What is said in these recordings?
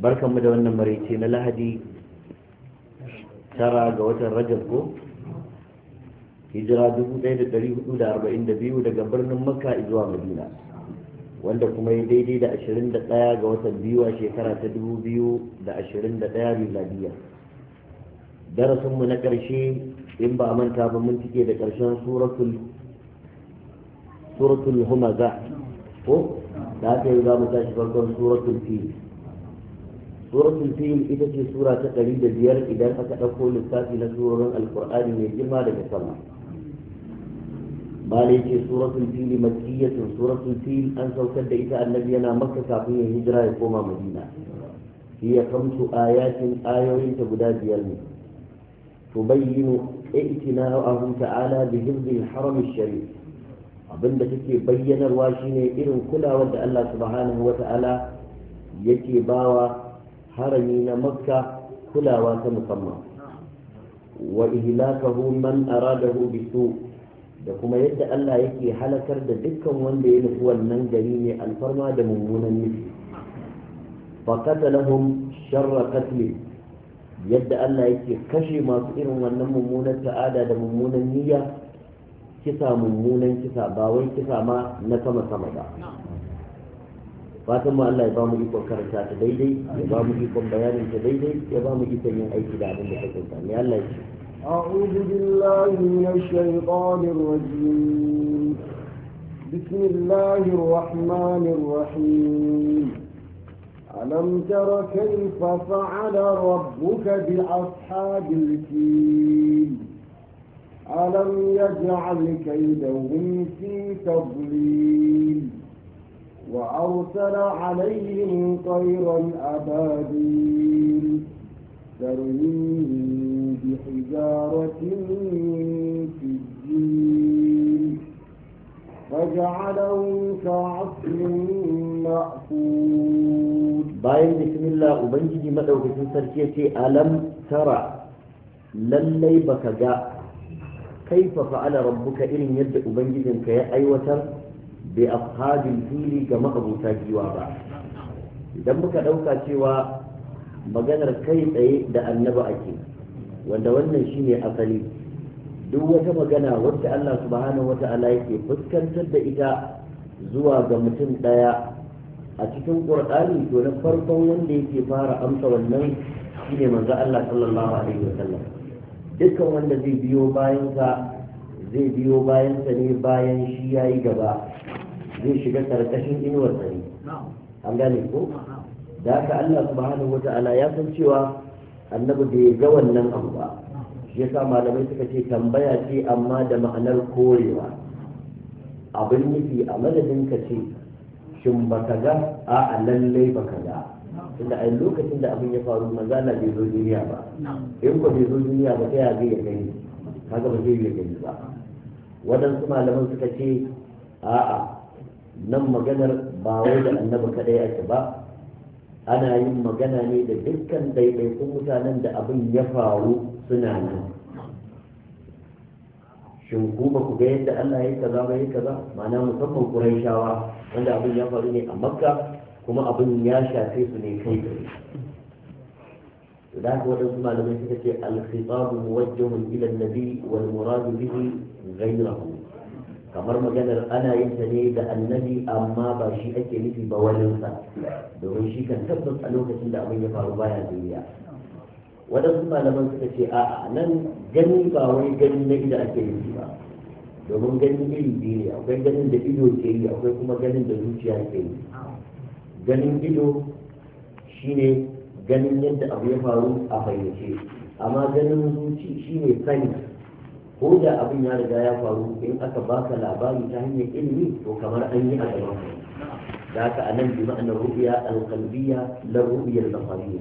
barkanmu da wannan maraice na lahadi tara ga watan rajab ko hijira 1442 daga birnin makka zuwa madina wanda kuma ya daidai da 21 ga watan biyu a shekara ta 2021 miladiya darasinmu na ƙarshe in ba manta ba mun cike da ƙarshen suratul humaza ko da aka yi za mu tashi farkon suratul fili suratul fil ita ce sura ta ɗari da biyar idan aka ɗauko lissafi na surorin alkur'ani mai girma daga sama malai ce suratul fil makkiyatun suratul fil an saukar da ita annabi yana makka kafin ya hijira ya koma madina hiya kamsu ayatin ta guda biyar ne tubayyinu اعتناءه تعالى بحفظ الحرم الشريف abin da take bayyanarwa shine irin kulawar da Allah subhanahu wa ta'ala yake bawa harami na makka kulawa ta musamman wa ihlakahu man aradahu bisu da kuma yadda Allah yake halakar da dukkan wanda ya nufi wannan gari ne alfarma da mummunan nufi fa qatalahum sharra qatli yadda Allah yake kashe masu irin wannan mummunan ta'ada da mummunan niyya kisa mummunan kisa ba wai kisa ma na sama sama ba fatan mu Allah ya ba mu ikon karanta ta daidai ya ba mu ikon bayanin ta daidai ya ba mu ikon yin aiki da abin da ta kunta ne Allah ya ce أعوذ بالله من الشيطان الرجيم بسم الله الرحمن الرحيم ألم تر كيف فعل ربك بأصحاب الكيل ألم يجعل كيدهم في تضليل وأرسل عليهم طيرا أبابيل ترميهم بحجارة من سجيل فجعلهم كعصف مأكول باين بسم الله وبنجي مدعو في كيتي ألم ترى للي بكجاء كيف فعل ربك إن يد أبنجي يا أيوة bi ashabil fili ga ma'abuta giwa ba idan muka ɗauka cewa maganar kai tsaye da annaba ake wanda wannan shine asali duk wata magana wadda Allah subhanahu wa ta'ala yake fuskantar da ita zuwa ga mutum ɗaya a cikin ƙur'ani to na farkon wanda yake fara amsa wannan shine manzo Allah sallallahu alaihi wa sallam dukkan wanda zai biyo bayansa zai biyo bayansa ne bayan shi yayi gaba zai shiga karkashin inuwar sani an gane ko da haka Allah subhanahu wata'ala ya san cewa annabi bai ga wannan abu ba shi yasa malamai suka ce tambaya ce amma da ma'anar korewa abin nufi a madadin ka ce shin ka ga a lallai ba ka ga tunda a lokacin da abin ya faru maza na bai zo duniya ba in ko bai zo duniya ba ta ya zai ya gani kaga ba zai ya gani ba waɗansu malaman suka ce a'a nan maganar ba wai da annabi kadai ake ba ana yin magana ne da dukkan daidaikun mutanen da abin ya faru suna nan shin ku ba ku ga yadda Allah ya kaza ba ya kaza ma'ana musamman Qurayshawa wanda abin ya faru ne a Makka kuma abin ya shafe su ne kai tsaye da haka waɗansu malamai suka ce al-khitabu muwajjahun ila an-nabi wal muradu bihi ghayrahu kamar maganar ana yin ta ne da annabi amma ba shi ake nufi ba walinsa domin shi kan tabbas a lokacin da abin ya faru baya duniya waɗansu malaman suka ce a nan gani ba wai gani na ido ake nufi ba domin ganin iri biyu ne akwai ganin da ido ke yi akwai kuma ganin da zuciya ke yi ganin ido shine ganin yadda abu ya faru a fayyace amma ganin zuci shine sani ko da abin ya riga ya faru in aka baka labari ta hanyar ilimi to kamar an yi a gaban da ka a nan bi ma'anar rubiya alƙalbiya la rubiyar lafariya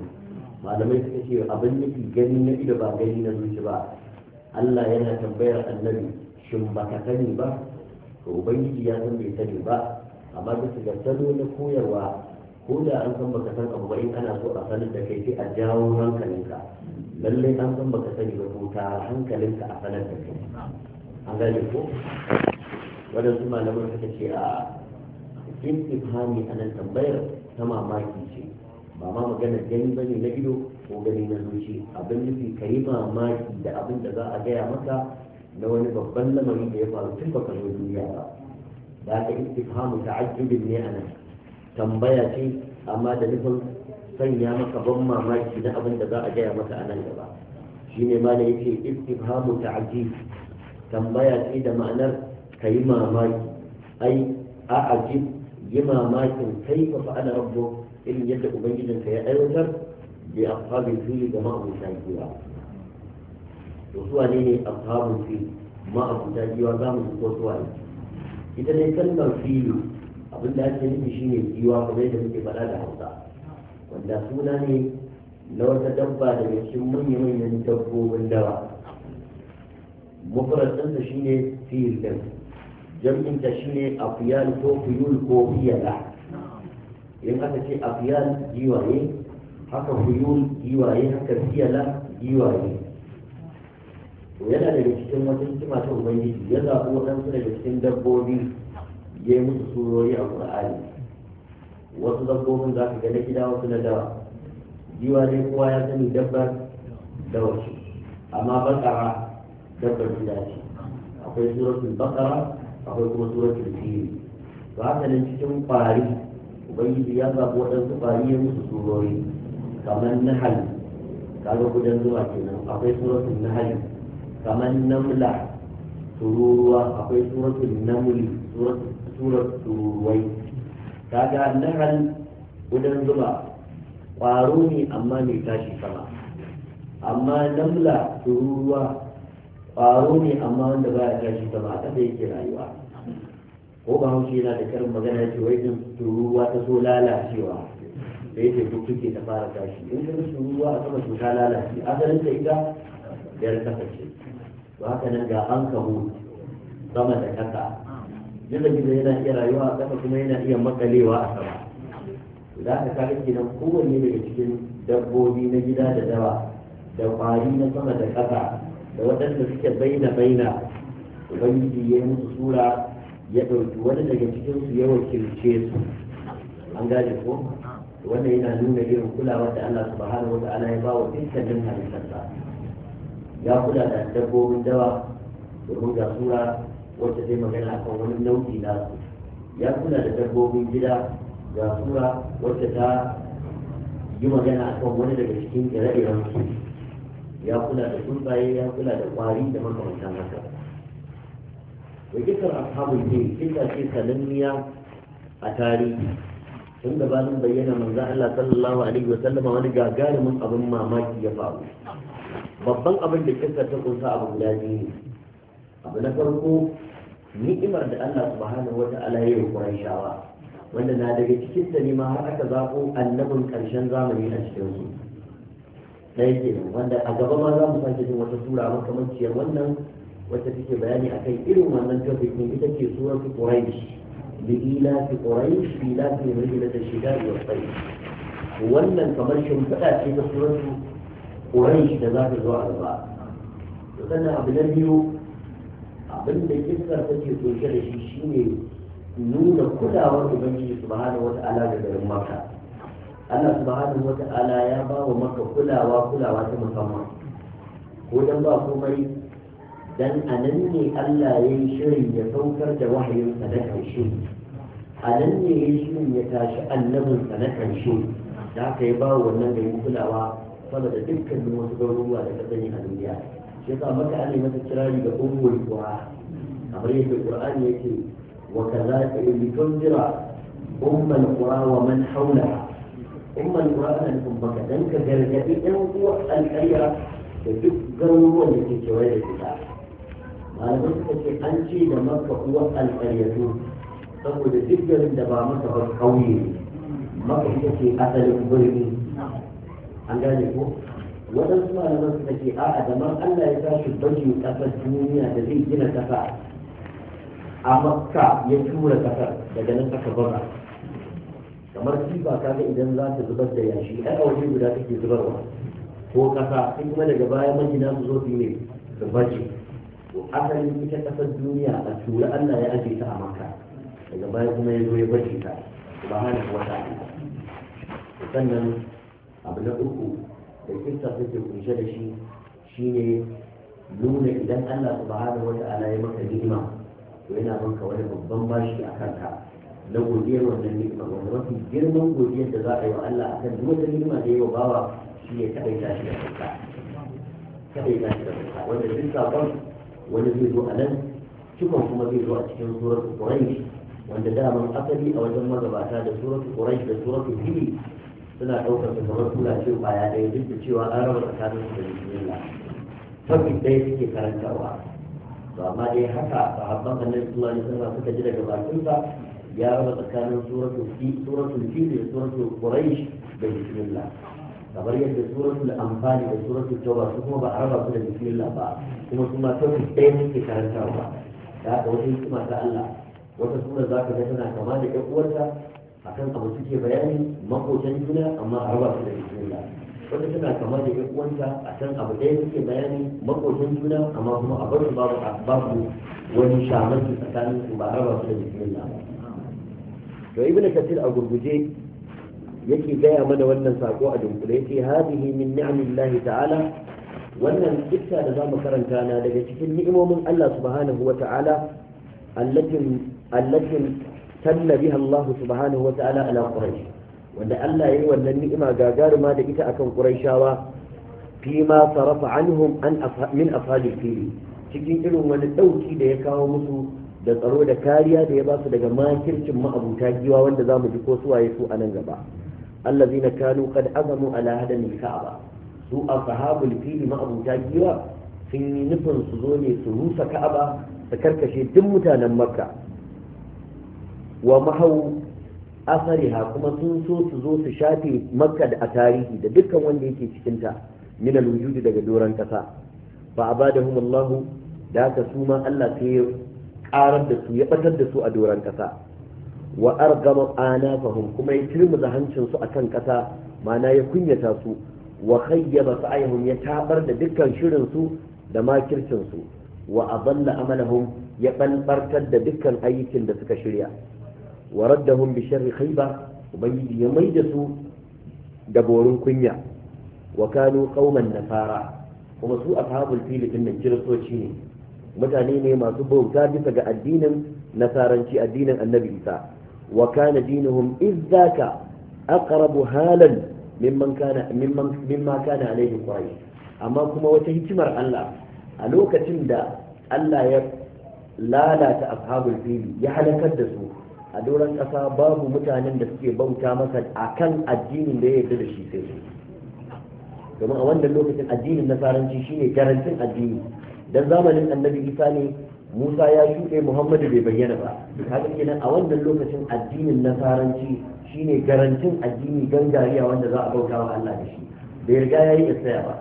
malamai suka ce abin ke gani na ido ba gani na zuci ba Allah yana tambayar annabi shin ba ka sani ba to ubangiji ya san bai sani ba amma bisa ga salo na koyarwa ko da an san baka san abu ba in ana so a sanar da kai sai a jawo hankalinka lallai an san baka sani ba ko ta hankalinka a sanar da kai an gane ko waɗansu malaman suka ce a cikin ifhami a nan tambayar ta mamaki ce ba ma magana gani bane na ido ko gani na zuci abin nufi ka yi mamaki da abin da za a gaya maka na wani babban lamari da ya faru tun baka zo duniya ba da ka ta ta'ajjubin ne a nan tambaya ce amma da nufin sanya maka ban mamaki na abin da za a gaya maka a nan gaba shi ne ma da yake istifhamu ta'ajib tambaya ce da ma'anar ka yi mamaki ai a ajib yi mamakin kai fa ana rabbo irin yadda ubangijinka ya aiwatar bi ashabin fili da ma'abuta giwa to suwa ne ne ashabin fili ma'abuta giwa za mu ko suwa ne ita ne kalmar fili abin da ake nufi shine giwa kamar yadda muke faɗa da hausa Wanda suna ne na wata dabba da cikin manyan manyan dabbobin dawa mufarasinsa shi ne da din jam'inta shi ne afiyal ko fiyul ko fiyala in aka ce afiyal giwaye haka fiyul giwaye haka fiyala giwaye to yana daga cikin wata hikima ta ubangiji ya zaɓi waɗansu daga cikin dabbobi ya yi musu surori a ƙur'ani wasu dabbobin za ka ga na gida wasu na dawa giwa dai kowa ya sani dabbar dawa ce amma bakara dabbar gida ce akwai suratun bakara akwai kuma suratun fili Ba ta nan cikin kwari ubangiji ya zaɓi waɗansu kwari ya musu surori kamar na hali kaga gudan zuwa kenan akwai na hali. kamar namla tururuwa akwai suratun namuli suratun tururuwai kaga nahal gudan zuba ƙwaro ne amma mai tashi sama amma namla tururuwa ƙwaro ne amma wanda ba ya tashi sama a ƙasa yake rayuwa ko ba haushi yana da karin magana ce wai din tururuwa ta so lalacewa da yake duk suke ta fara tashi in ka tururuwa a sama su ta lalace asalin ta ita yar kasa ce to haka nan ga an kahu sama da kasa gizo gizo yana iya rayuwa a sama kuma yana iya makalewa a sama za ka kaga kenan kowanne daga cikin dabbobi na gida da dawa da kwari na sama da ƙasa da waɗanda suke baina baina ubangiji ya yi musu sura ya ɗauki wani daga cikinsu ya wakilce su an gane ko wannan yana nuna irin kulawa da Allah subhanahu wata'ala ya ba wa dukkanin halittarsa ya kula da dabbobin dawa domin ga sura wacce zai magana akan wani nau'i na su ya kula da dabbobin gida ga sura wacce ta yi magana akan wani daga cikin ire-iren su ya kula da tsuntsaye ya kula da kwari da makamantan haka da kisar ashabul fil kisa ce sananniya a tarihi tun gabanin bayyana manzo Allah sallallahu alaihi wasallam wani gagarumin abin mamaki ya faru babban abin da kisar ta kunsa abu guda ne abu na farko ni'imar da Allah subhanahu wata'ala ya yi Qurayshawa wanda na daga cikin da ma har aka zabo annabin karshen zamani a cikin su sai ke wanda a gaba ma za mu sake jin wata sura makamanciyar wannan wata take bayani akan irin wannan topic ita ce suratu Quraysh bi ila fi Quraysh bi ila fi wannan kamar shimfiɗa ce ta suratu Quraysh da za ta zo a gaba sannan abu na biyu abin da kisar take kunshe da shi shine nuna kulawar ubangiji wata ala da garin maka Allah wata ala ya ba wa maka kulawa kulawa ta musamman ko dan ba komai dan nan ne Allah ya yi shirin ya saukar da wahayinsa na karshe nan ne ya yi shirin ya tashi annabinsa na karshe da aka yi ba wannan garin kulawa saboda dukkanin wasu garuruwa da ka sani a duniya shi yasa maka ana mata kirari da ummul qura kamar yadda qur'ani yake wa kadhalika litunzira ummul qura wa man hawlaha ummul qura ana nufin maka dan ka gargadi ɗan uwa alƙarya da duk garuruwan da ke kewaye da ita malamai suka ce an ce da maka uwa alƙaryatu saboda duk garin da ba maka ba kauye maka ita ce asalin birni an gane ko waɗansu malaman suka ce a'a da Allah ya tashi baki ƙasar duniya da zai gina ƙasa a makka ya tura ƙasar daga nan aka bara kamar ba kaga idan za ta zubar da yashi ai waje guda take zubarwa ko ƙasa sai kuma daga baya magina su zo su ne su baje to asalin ita ƙasar duniya a tura Allah ya aje ta a makka daga baya kuma ya zo ya baje ta subhanahu wa ta'ala sannan abu na uku الفلتر فلتر من شده شيء شيء نون إذا ألا سبحانه وتعالى يمكى نعمة وإن أبن كوالي ببن باشي أكاكا لو جير وإن النعمة وإن ربي جير من جير تزاعي وألا أكاد نوة النعمة دي وباوا شيء تبعي تاشي أكاكا تبعي تاشي أكاكا وإن الفلتر فلتر وإن في ذؤلن شكم كما في ذؤلن شكم سورة قريش وإن دام الأطري أو جمع ذبعتها سورة قريش سورة الهيل suna ɗaukar su kamar suna ce kwaya ɗaya duk da cewa an raba tsakanin su da bismillah tabbin ɗaya suke karantarwa to amma dai haka sahabban annabi sallallahu alaihi wasallam suka ji daga bakinsa ya raba tsakanin suratul fi suratul fi da suratul quraish da bismillah kamar yadda suratul amfani da suratul tauba su kuma ba a raba su da bismillah ba kuma su ma tabbin ɗaya suke karantarwa da haka wata hikima ta Allah wata sura za ka ga tana kama da ƴan uwarta akan abu suke bayani makotan juna amma a raba su da juna wanda tana kama da yan uwanta a kan abu ɗaya suke bayani makotan juna amma kuma a bar su babu babu wani shamanci tsakanin su ba a raba su da juna ba to ibn kathir a gurguje yake gaya mana wannan sako a dunkule yake hadihi min ni'amillahi ta'ala wannan dukka da zamu karanta na daga cikin ni'imomin Allah subhanahu wa ta'ala allatin allatin talla biha Allah subhanahu wa ta'ala ala quraish wanda Allah yayi wannan ni'ima gagaruma da ita akan quraishawa fi ma sarafa anhum an min afali fili cikin irin wani dauki da ya kawo musu da tsaro da kariya da ya ba su daga makircin ma'abuta giwa wanda za mu ji ko suwaye su a nan gaba allazina kanu qad azamu ala hadani ka'aba su ashabul fili ma'abuta giwa sun yi nufin su zo ne su rusa ka'aba su karkashe duk mutanen makka wa mahau asariha kuma sun so su zo su shafe makka a tarihi da dukkan wanda yake cikinta min alwujudi daga doron kasa fa abadahum Allah da haka su ma Allah sai ya karar da su ya batar da su a doron kasa wa argama anafahum kuma ya turmuza hancin su akan kasa ma'ana ya kunyata su wa khayyaba sa'ayhum ya tabar da dukkan shirin su da makircin su wa adalla amalahum ya banbartar da dukkan ayyukan da suka shirya wa raddahum bi sharri khayba ubangiji ya da su da borin kunya wa kanu qauman nafara kuma su ashabul fili din nan kiristoci ne mutane ne masu bauta bisa ga addinin nasaranci addinin annabi isa wa kana dinuhum izzaka aqrabu halan mimman kana mimman mimma kana alaihi quraish amma kuma wata hikimar Allah a lokacin da Allah ya lalata ashabul fili ya halakar da su a doron ƙasa babu mutanen da suke bauta masa a kan addinin da ya da shi sai domin a wannan lokacin addinin nasaranci shine garantin addini Don zamanin annabi isa ne musa ya shuɗe muhammadu bai bayyana ba haka kenan a wannan lokacin addinin nasaranci shine garantin addini gangariya wanda za a bauta wa allah da shi bai riga ya yi tsaya ba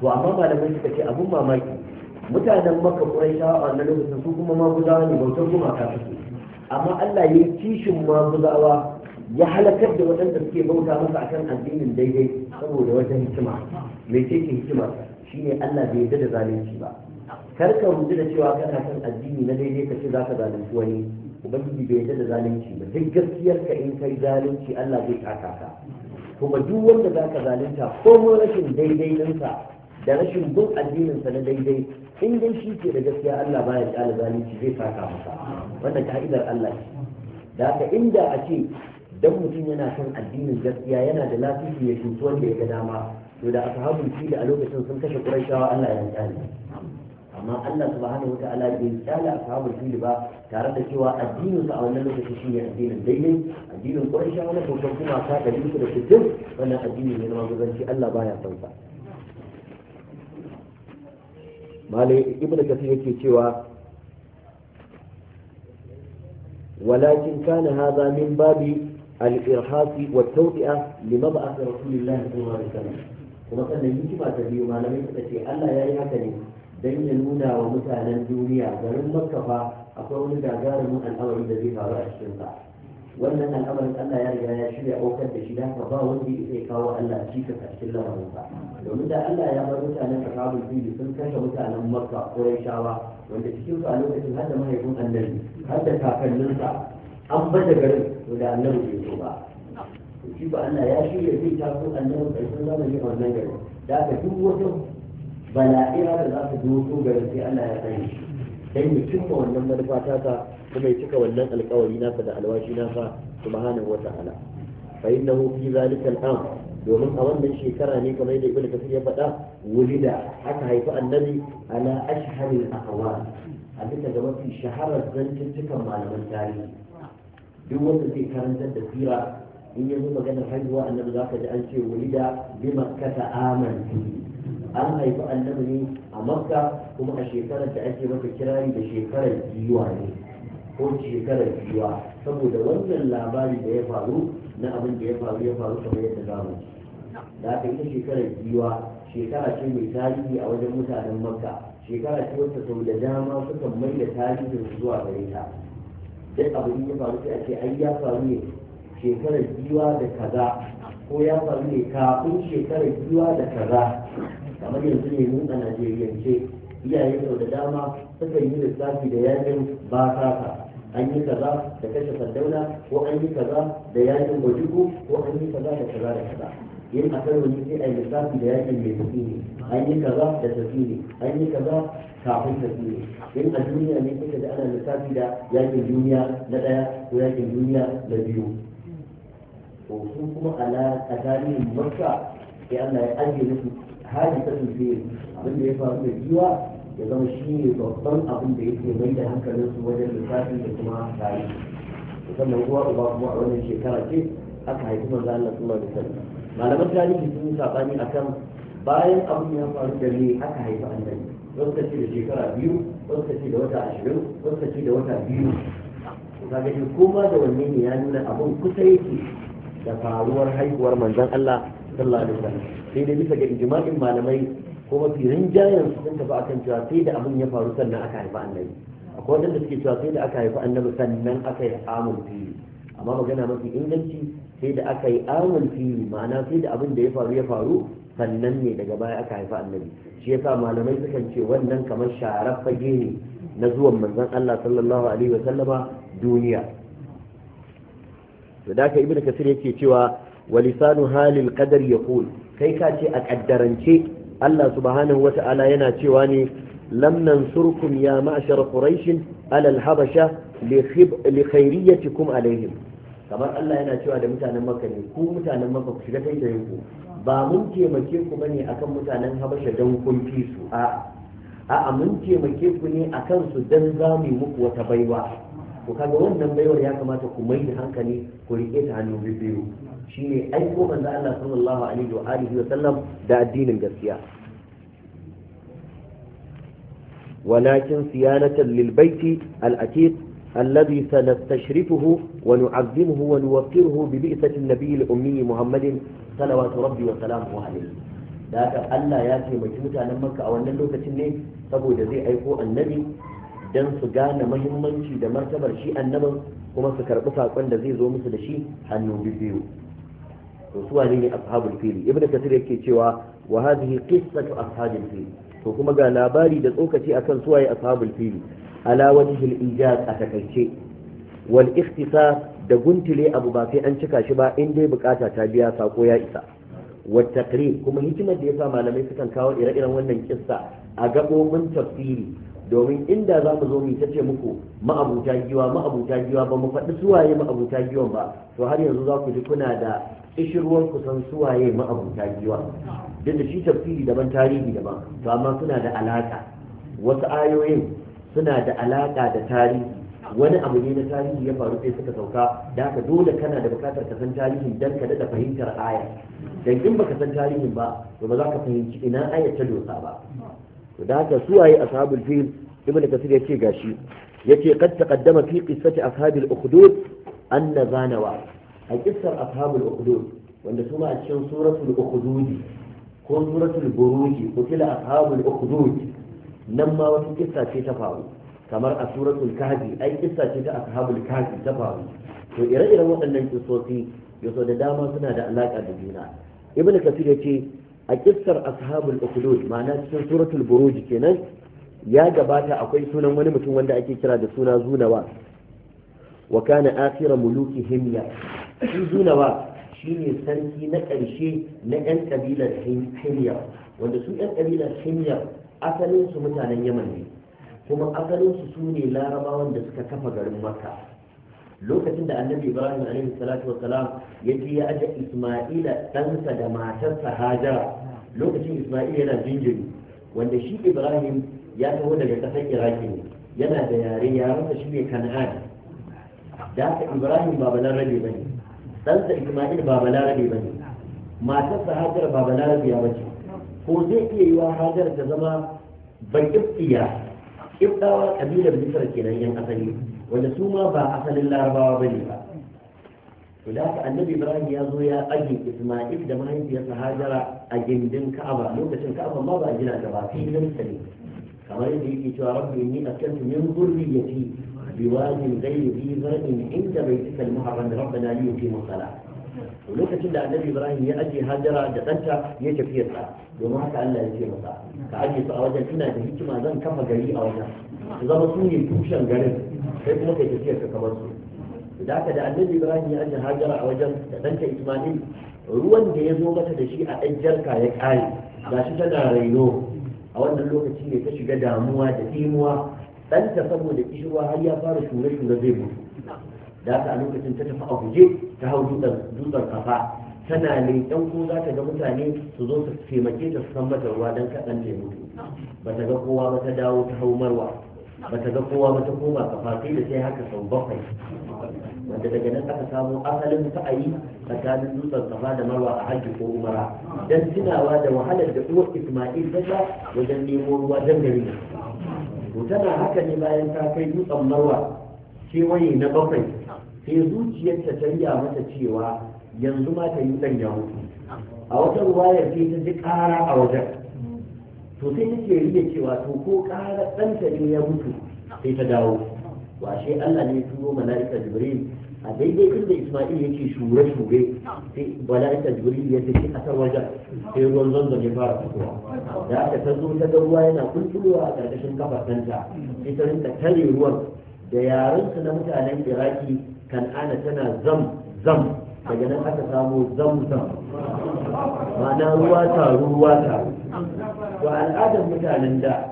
to amma malamai suka ce abun mamaki mutanen maka ƙurai sha'a a wannan lokacin su kuma ma guda ne bautar gumaka suke amma Allah ya yi kishin maguzawa ya halakar da waɗanda suke bauta masa akan addinin daidai saboda wata hikima mai ce hikima shine Allah bai yarda da zalunci ba kar ka rubuta da cewa kana kan addini na daidai ka za ka zalunci wani ubangiji bai yarda da zalunci ba duk gaskiyar ka in kai zalunci Allah zai taka ka kuma duk wanda za ka zalunta ko rashin daidai ɗinsa da rashin bin addininsa na daidai in dai shi ke da gaskiya Allah baya kyale zalunci zai saka masa wannan ka'idar Allah ce da haka inda a ce dan mutum yana son addinin gaskiya yana da lafiya ya cutu wanda ya ga dama to da ashabul fil a lokacin sun kashe quraishawa Allah ya kyale amma Allah subhanahu wataala bai kyale ashabun fil ba tare da cewa addinin sa a wannan lokacin shine addinin daidai addinin quraishawa na kokon kuma ka da su da su wannan addini ne na magazanci Allah baya son sa malai ibn kathir yake cewa walakin kana hadha min babi al-irhaq wa tawdi'a li rasulillah sallallahu alaihi wasallam kuma sannan hikima ta biyu malamai suka ce Allah ya yi haka ne dan ya nuna wa mutanen duniya garin makka fa akwai wani gagarumin al'amari da zai faru a cikin sa wannan al'amarin Allah ya riga ya shirya aukar da shi da haka ba wanda ya kawo Allah cikas a cikin lamarin sa domin da Allah ya bar mutanen ashabul fili sun kashe mutanen makka qurayshawa wanda cikin su a lokacin har da mahaifin annabi har da kakanninsa an bada garin to da annabi bai so ba shi ba Allah ya shirya zai taso annabi karshen zamani a wannan garin da aka duk wata bala'ira da za ta doso garin sai Allah ya sani dan ya cimma wannan manufa ta sa kuma ya cika wannan alkawari nasa da alwashi nasa subhanahu wa ta'ala fa innahu fi zalika al-amr domin a wannan shekara ne kamar yadda ibnu kasir ya faɗa wulida aka haifi annabi ala ashharil ahwal a bisa ga mafi shaharar zantuttukan malaman tarihi duk wanda zai karantar da sira in yanzu maganar haihuwa annabi za ka ji an ce wulida bi makkata amanti an haifi annabi ne a makka kuma a shekarar da ake maka kirari da shekarar giwa ne ko shekarar biyuwa saboda wannan labari da ya faru na abin da ya faru ya faru kamar yadda za mu da aka yi shekarar biyuwa shekara ce mai tarihi a wajen mutanen makka shekara ce wata sau da dama suka mai da tarihin zuwa gare ta duk abin ya faru sai a ce ai ya faru ne shekarar biyuwa da kaza ko ya faru ne kafin shekarar biyuwa da kaza kamar yanzu ne mun a najeriya ce iyaye sau da dama suka yi lissafi da yakin ba kaka an yi kaza da kashe sardauna ko an yi kaza da yakin gwajiku ko an yi kaza da kaza da kaza yin akwai wani sai a yi lissafi da yakin mai tafi ne an yi kaza da tafi ne an yi kaza kafin tafi ne yin a duniya ne kuka da ana lissafi da yakin duniya na ɗaya ko yakin duniya na biyu to sun kuma ala a tarihin makka sai Allah ya ajiye musu hajji ta tafiye abinda ya faru da jiwa ya zama shi ne babban abin da yake mai da hankalin su wajen lissafi da kuma rayu musamman uwa uba kuma a wannan shekara ce aka haifi manzo Allah sallallahu alaihi wasallam malaman tarihi sun yi sabani akan bayan abin ya faru da ne aka haifi annabi wasu ce da shekara biyu wasu ce da wata ashirin wasu ce da wata biyu kaga shi koma da wanne ne ya nuna abin kusa yake da faruwar haihuwar manzon Allah sallallahu alaihi wasallam sai dai bisa ga ijma'in malamai ko mafi rinjayen su sun tafi akan cewa sai da abin ya faru sannan aka haifi annabi akwai wadanda suke cewa sai da aka haifi annabi sannan aka yi amul fili amma magana mafi inganci sai da aka yi amul fili ma'ana sai da abin da ya faru ya faru sannan ne daga baya aka haifi annabi shi yasa malamai sukan ce wannan kamar sharar fage ne na zuwan manzon Allah sallallahu alaihi wa sallama duniya to da ka ibnu kasir yake cewa walisanu halil qadar yaqul kai ka ce a kaddarance Allah subhanahu wata'ala yana cewa ne lam nansurkum ya ma'shar quraish alal habasha li khairiyatikum alaihim kamar Allah yana cewa da mutanen Makka ne ku mutanen Makka ku shiga kai da ku ba mun taimake ku bane akan mutanen Habasha dan kun fi su a a mun taimake ku ne akan su dan zamu muku wata baiwa to kaga wannan baiwar ya kamata ku mai da hankali ku rike ta hannu biyu shine aiko manzo Allah sallallahu alaihi wa alihi wa sallam da addinin gaskiya ولكن صيانة للبيت الأتيق الذي سنستشرفه ونعظمه ونوفره ببئسة النبي الأمي محمد صلوات ربي وسلامه عليه da haka Allah ya taimaki mutanen Makka a wannan lokacin ne saboda zai aiko annabi don su gane mahimmanci da martabar shi annabin kuma su karɓi saƙon da zai zo musu da shi hannu biyu to su wane ne ashabul fili ibnu kasir yake cewa wa hadhihi qissatu ashabil fili to kuma ga labari da tsokaci akan su waye ashabul fili ala wajhi al-ijaz a takaice wal ikhtisar da guntule abu ba sai an cika shi ba in dai bukata ta biya sako ya isa wa taqrir kuma hikimar da yasa malamai sukan kawo ire-iren wannan kissa a gabobin tafsiri domin inda za mu zo mu ta ce muku ma'abuta giwa ma'abuta giwa ba mu faɗi suwaye ma'abuta giwan ba to har yanzu za ku ji kuna da ruwan kusan suwaye ma'abuta giwa duk da shi tafsiri daban tarihi daban to amma suna da alaka wasu ayoyin suna da alaka da tarihi wani abu ne na tarihi ya faru sai suka sauka da haka dole kana da bukatar ka san tarihin dan ka daɗa fahimtar aya dan in baka san tarihin ba to ba za ka fahimci ina ayar ta dosa ba to da haka su waye ashabul fil ibnu kasir yace gashi yace qad taqaddama fi qissati ashabil ukhdud an zanawa a kissar ashabul ukhdud wanda kuma a cikin suratul ukhdud ko suratul buruj ko kila ashabul ukhdud nan ma wata kissa ce ta faru kamar a suratul kahfi ai kissa ce ta ashabul kahfi ta faru to ire-iren waɗannan kissosi yaso da dama suna da alaƙa da juna ibnu kasir yace a kissar ashabul ukhdud ma'ana cikin suratul buruj kenan ya gabata akwai sunan wani mutum wanda ake kira da suna zunawa wa kana akhira muluki himya shi zunawa shine sarki na ƙarshe na 'yan kabilar himya wanda su 'yan kabilar himya asalin su mutanen yaman ne kuma asalin su sune larabawan da suka kafa garin makka lokacin da annabi ibrahim alaihi salatu salam ya je ya aje isma'ila ɗansa da matarsa hajara lokacin isma'ila yana jinjiri wanda shi ibrahim ya taho daga ƙasar iraki ne yana da yare ya rasa shi ne kan'an da aka ibrahim ba balarabe ba ne ɗansa isma'il ba balarabe ba ne matarsa hajara ba balarabe ba ko zai iya yi wa hajara ta zama baƙibtiya ƙibtawa ƙabilar bisar kenan yan asali wanda su ma ba asalin larabawa bane ba to da haka annabi ibrahim ya zo ya aje isma'il da mahaifiyarsa hajara a gindin ka'aba lokacin ka'aba ma ba a gina ta ba sai gidan sa ne kamar yadda yake cewa rabbi inni askantu min dhurriyyati biwadin ghayri dhi zar'in inda baytikal muharram rabbana li yuqima as-salah to lokacin da annabi ibrahim ya aje hajara da ɗanta ya tafi yasa domin haka allah ya ce masa ka aje su a wajen tuna da hikima zan kafa gari a wajen su zama su ne tushen garin sai kuma kai tafiyar ka kamar su da aka da annabi ibrahim ya ajiye hajara a wajen da ɗanta ismail ruwan da ya zo mata da shi a ɗan jarka ya ƙare ga shi tana raino a wannan lokaci ne ta shiga damuwa da imuwa ɗanta saboda kishirwa har ya fara shure-shure zai mutu da aka a lokacin ta tafi a guje ta hau dutsen kafa tana ne ɗan ko za ta ga mutane su zo su taimake ta su san mata ruwa don kaɗan ta mutu ba ta ga kowa ba ta dawo ta hau marwa ba ta ga kowa ba ta koma kafafi da sai haka sau bakwai wanda daga nan aka samo asalin sa'ayi tsakanin dutsen safa da marwa a hajji ko umara don tunawa da wahalar da uwar isma'il ta sha wajen nemo ruwa don gari to tana haka ne bayan ta kai dutsen marwa kewaye na bakwai sai zuciyar ta canja mata cewa yanzu ma ta yi ɗan ya mutu a wata ruwayar sai ta ji ƙara a wajen to sai nake cewa to ko ƙara ɗanta ne ya mutu sai ta dawo Washe Allah ne ya turo mala'ika Jibril a daidai inda Isma'il yake shure shure sai mala'ika Jibril ya tafi a kan wajen sai ruwan zanzan ya fara fitowa da aka ta zo ta ga ruwa yana kuntulowa a ƙarƙashin kafar ɗanta sai ta rinka tare ruwan da yarensu na mutanen Iraki kan'ana tana zam zam daga nan aka samo zam zam ma'ana ruwa taru ruwa taru to al'adar mutanen da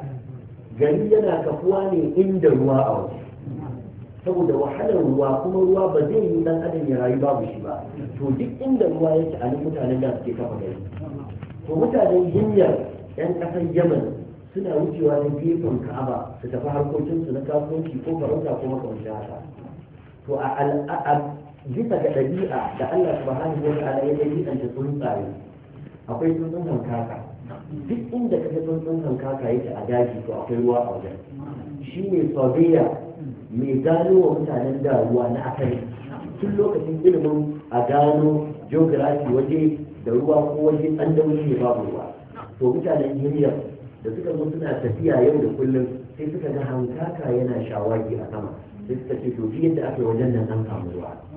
gari yana kafuwa ne inda ruwa a waje saboda wahalar ruwa kuma ruwa ba zai yi dan adam ya rayu babu shi ba to duk inda ruwa yake a nan mutanen da suke kafa gari to mutanen hinyar yan kasar yaman suna wucewa na gefen ka'aba su tafi harkokinsu na kasuwanci ko farauta ko makamancin haka to a bisa ga ɗabi'a da Allah subhanahu wa ta'ala ya da tsuntsaye akwai tsuntsun hankaka duk inda ka ga tsuntsun kanka ka yi ta a daji to akwai ruwa a wajen shi ne sabiya mai gano wa mutanen da ruwa na asali tun lokacin ilimin a gano geography waje da ruwa ko waje ɗan dauri ne babu ruwa to mutanen duniya da suka zo suna tafiya yau da kullum sai suka ga hankaka yana shawagi a sama sai suka ce to yadda aka wajen nan an samu ruwa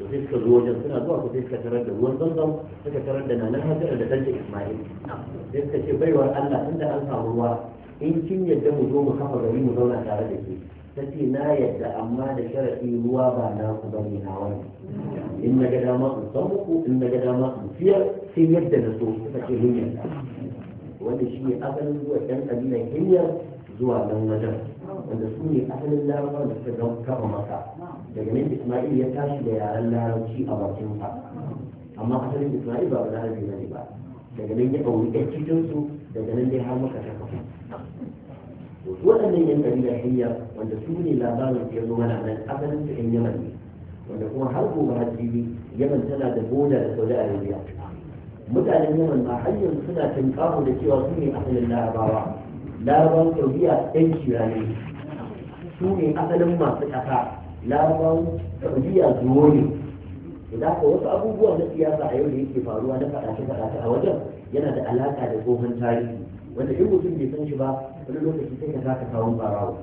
to sai suka zo wajen suna zuwa ku sai suka tarar da ruwan zanzan suka tarar da nanar hajjara da danta ismail sai suka ce baiwar allah inda an samu ruwa in kin yadda mu zo mu kafa gari mu zauna tare da ke ta ce na yadda amma da sharaɗi ruwa ba na ku ba ne na wani in na ga dama in san muku in na ga dama in siyar sai yadda na so ta ce mun yadda wanda shi ne asalin zuwa ɗan ƙabilan hanyar zuwa nan wajen wanda su ne asalin larabar da suka kafa maka daga nan isma'il ya tashi da yaren larabci a bakin sa amma asalin isma'il ba balarabi bane ba daga nan ya ɗauri ɗan cikinsu daga nan dai har maka ta kafa waɗannan yan ƙabilar hanya wanda su ne labarin ya zo mana nan asalin su yan yaman ne wanda kuma har gobe har jibi yaman tana da boda da saudi arabia mutanen yaman ba har yanzu suna ƙaho da cewa su ne asalin larabawa larabawan saudiya ɗan kira ne su ne asalin masu ƙasa larabawan saudiya zuwo ne da haka wasu abubuwan na siyasa a yau da yake faruwa na faɗace-faɗace a wajen yana da alaƙa da tsohon tarihi wanda in mutum bai san shi ba wani lokaci sai ka saka kawun barawa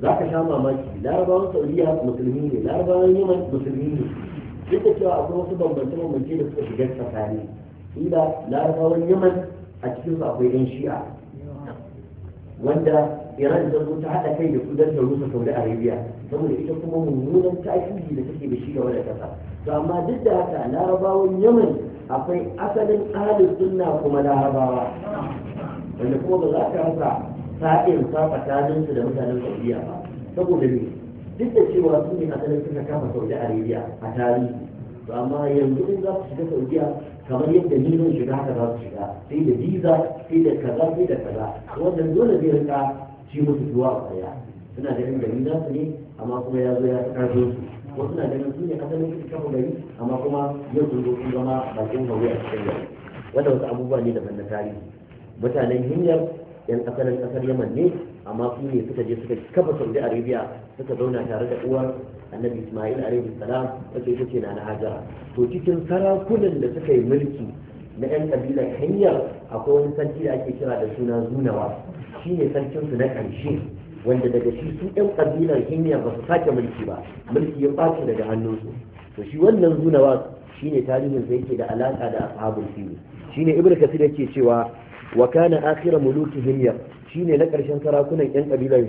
za ka sha mamaki larabawan saudiya musulmi ne larabawan yaman musulmi ne duk da cewa akwai wasu bambance-bambance da suka shiga tsakani inda larabawan yaman a cikinsu akwai yan shi'a wanda iran da ta haɗa kai da su don ta rusa saudi arabia saboda ita kuma mummunan tasiri da take da shi game da kasa to amma duk da haka larabawan yaman akwai asalin ahalin sunna kuma larabawa wanda kuma ba za ka rasa sa'in sa tsakaninsu da mutanen saudiya ba saboda ne duk da cewa su ne asalin suka kama saudi arabia a tarihi to amma yanzu in za su shiga saudiya kamar yadda ni zan shiga haka za su shiga sai da visa sai da kaza sai da kaza wannan dole zai rika shi mutu zuwa kwaya suna ganin gari za su ne amma kuma ya zo ya karfe su wasu na ganin su ne asalin su kafa gari amma kuma yau sun zo sun zama bakin hauri a cikin gari wanda wasu abubuwa ne daban na tarihi mutanen hinyar yan asalin kasar yaman ne amma su ne suka je suka kafa saudi arabia suka zauna tare da uwar annabi ismail alaihi salam wacce ita ce na na hajara to cikin sarakunan da suka yi mulki na yan kabilar hanyar akwai wani sarki da ake kira da suna zunawa shi ne sarkinsu na ƙarshe wanda daga shi su yan ƙabilar himya ba su sake mulki ba mulki ya ɓace daga hannunsu to shi wannan zunawa shi ne tarihin sa yake da alaƙa da ashabul fili shi ne ibnu kasir yake cewa wa kana akhira muluki himya shi ne na ƙarshen sarakunan ƴan ƙabilar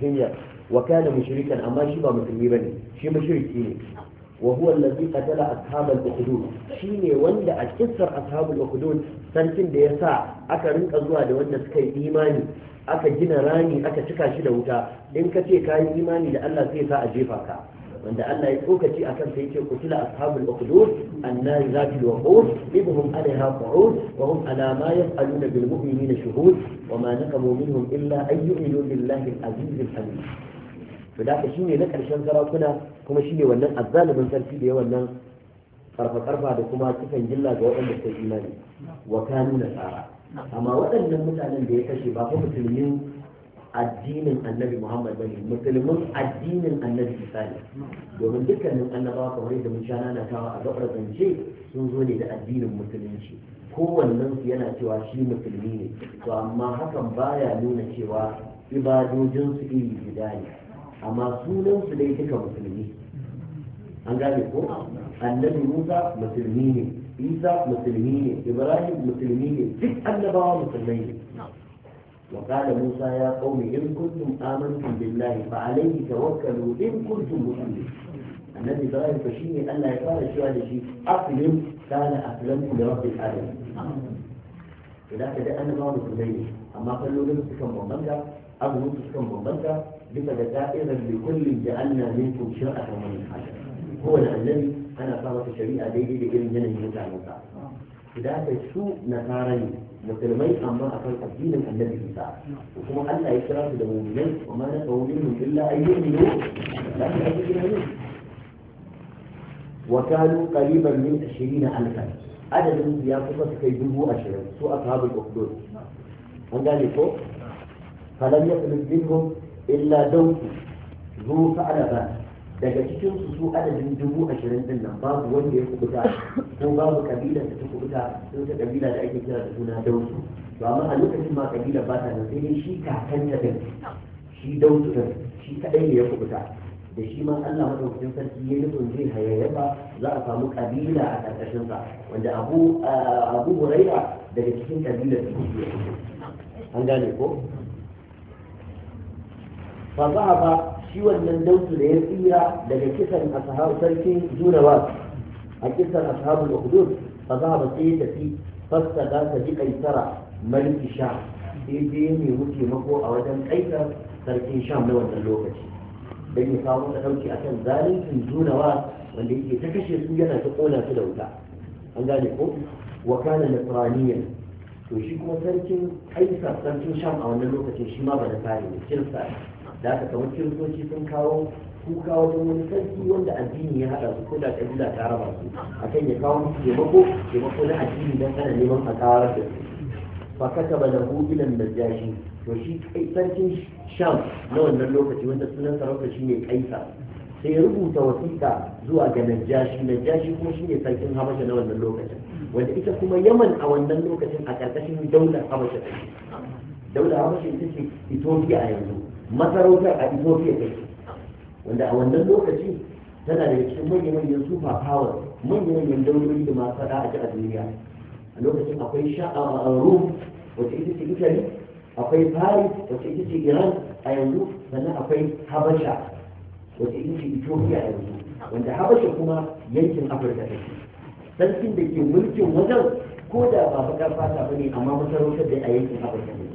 himya wa kana mushrikan amma shi ba musulmi bane shi mushriki ne وهو الذي قتل أصحاب الأخدود شيني وند كسر أصحاب الأخدود سنتين دي أكا رنك أزواد وانا سكي إيماني أكا جنا راني أكا شكا شدا وتا إن كتي كاي إيماني لألا سيسا أجيفاكا وند ألا يقول تي أكا سيتي قتل أصحاب الأخدود النار ذات الوقود إبهم عليها قعود وهم على ما يفعلون بالمؤمنين شهود وما نقموا منهم إلا أن يؤمنوا بالله العزيز الحميد to da shi ne na ƙarshen sarakuna kuma shi ne wannan azzalumin sarki da ya wannan karfa-karfa da kuma cikin gilla ga waɗanda suka imani wa kanu na tsara amma waɗannan mutanen da ya kashe ba fa musulmin addinin annabi muhammad bane musulmin addinin annabi isa ne domin dukkanin annabawa kamar yadda mun na kawo a gaɓar zance sun zo ne da addinin musulunci kowannen su yana cewa shi musulmi ne to amma hakan baya nuna cewa ibadojinsu iri guda ne amma sunan su dai duka musulmi an gane ko annabi musa musulmi ne isa musulmi ne ibrahim musulmi ne duk annabawa musulmai ne وقال موسى يا قوم إن كنتم آمنتم بالله فعليه توكلوا إن كنتم مؤمنين النبي صلى الله عليه وسلم ألا يقال شو هذا الشيء أسلم كان أسلمت لرب العالمين إذا كده أنا ما مسلمين أما قالوا لهم تكم بمبنجا أبو نوت تكم بمبنجا بفتاة إذا لكل جعلنا منكم شرعة ومن حاجة هو الذي أنا صارت الشريعة ديدي لكل من المتع المتع إذا تشو نتاري مسلمي أما أقل قديم الذي يساعد وكما ألا يشرف لمؤمنين وما نفعوا منهم إلا أن يؤمنوا لا يؤمنوا وكانوا قريبا من عشرين ألفا عدد الزيارة سكيدوه أشرف سوء أصحاب الأخدود هل قال لكم فلم يقل منهم illa dauku zo ka adaba daga cikin su su adadin dubu ashirin din nan babu wanda ya kubuta ko babu kabila da ta kubuta sun ta kabila da ake kira da suna dausu to amma a lokacin ma kabila ba ta nan sai dai shi kakanta din shi dausu din shi kadai ne ya kubuta da shi ma Allah madaukakin sarki ya nufin zai hayayyafa za a samu kabila a karkashin sa wanda abu abu huraira daga cikin kabilar su an gane ko fa ba shi wannan daudu da ya tsira daga kisan ashabu sarkin junawa a kisan ashabu al-hudud fa ba sai ya tafi fasta da ta ji kaisara maliki sha sai je ne wuce a wajen kaisar sarkin shan na wannan lokaci dan ya samu da dauki akan zalincin junawa wanda yake ta kashe su yana ta kona su da wuta an gane ko wa kana nasraniyan to shi kuma sarkin kaisar sarkin shan a wannan lokaci shi ma ba da kare ne da haka kamar kiristoci sun kawo kuka wajen wani sarki wanda addini ya haɗa su ko da kabila ta raba su a kan ya kawo musu taimako taimako na addini don ana neman a kawar da su fa kataba lahu ila najashi to shi sarkin sham na wannan lokaci wanda sunan sarauta shine kaisa sai ya rubuta wasiƙa zuwa ga najashi najashi kuma shine sarkin habasha na wannan lokacin wanda ita kuma yaman a wannan lokacin a ƙarƙashin daular habasha daular habasha ita ce ethiopia a yanzu masarautar a ethiopia ke, wanda a wannan lokaci tana da cikin manya-manyan super power manya-manyan dauri da masu fada a ji a duniya a lokacin akwai rome wacce ita ce italy akwai paris wacce ita ce iran a yanzu sannan akwai habasha wacce ita ce ethiopia a yanzu wanda habasha kuma yankin afirka take sarkin da ke mulkin wajen ko da ba baƙar fata ba ne amma masarautar da a yankin afirka ne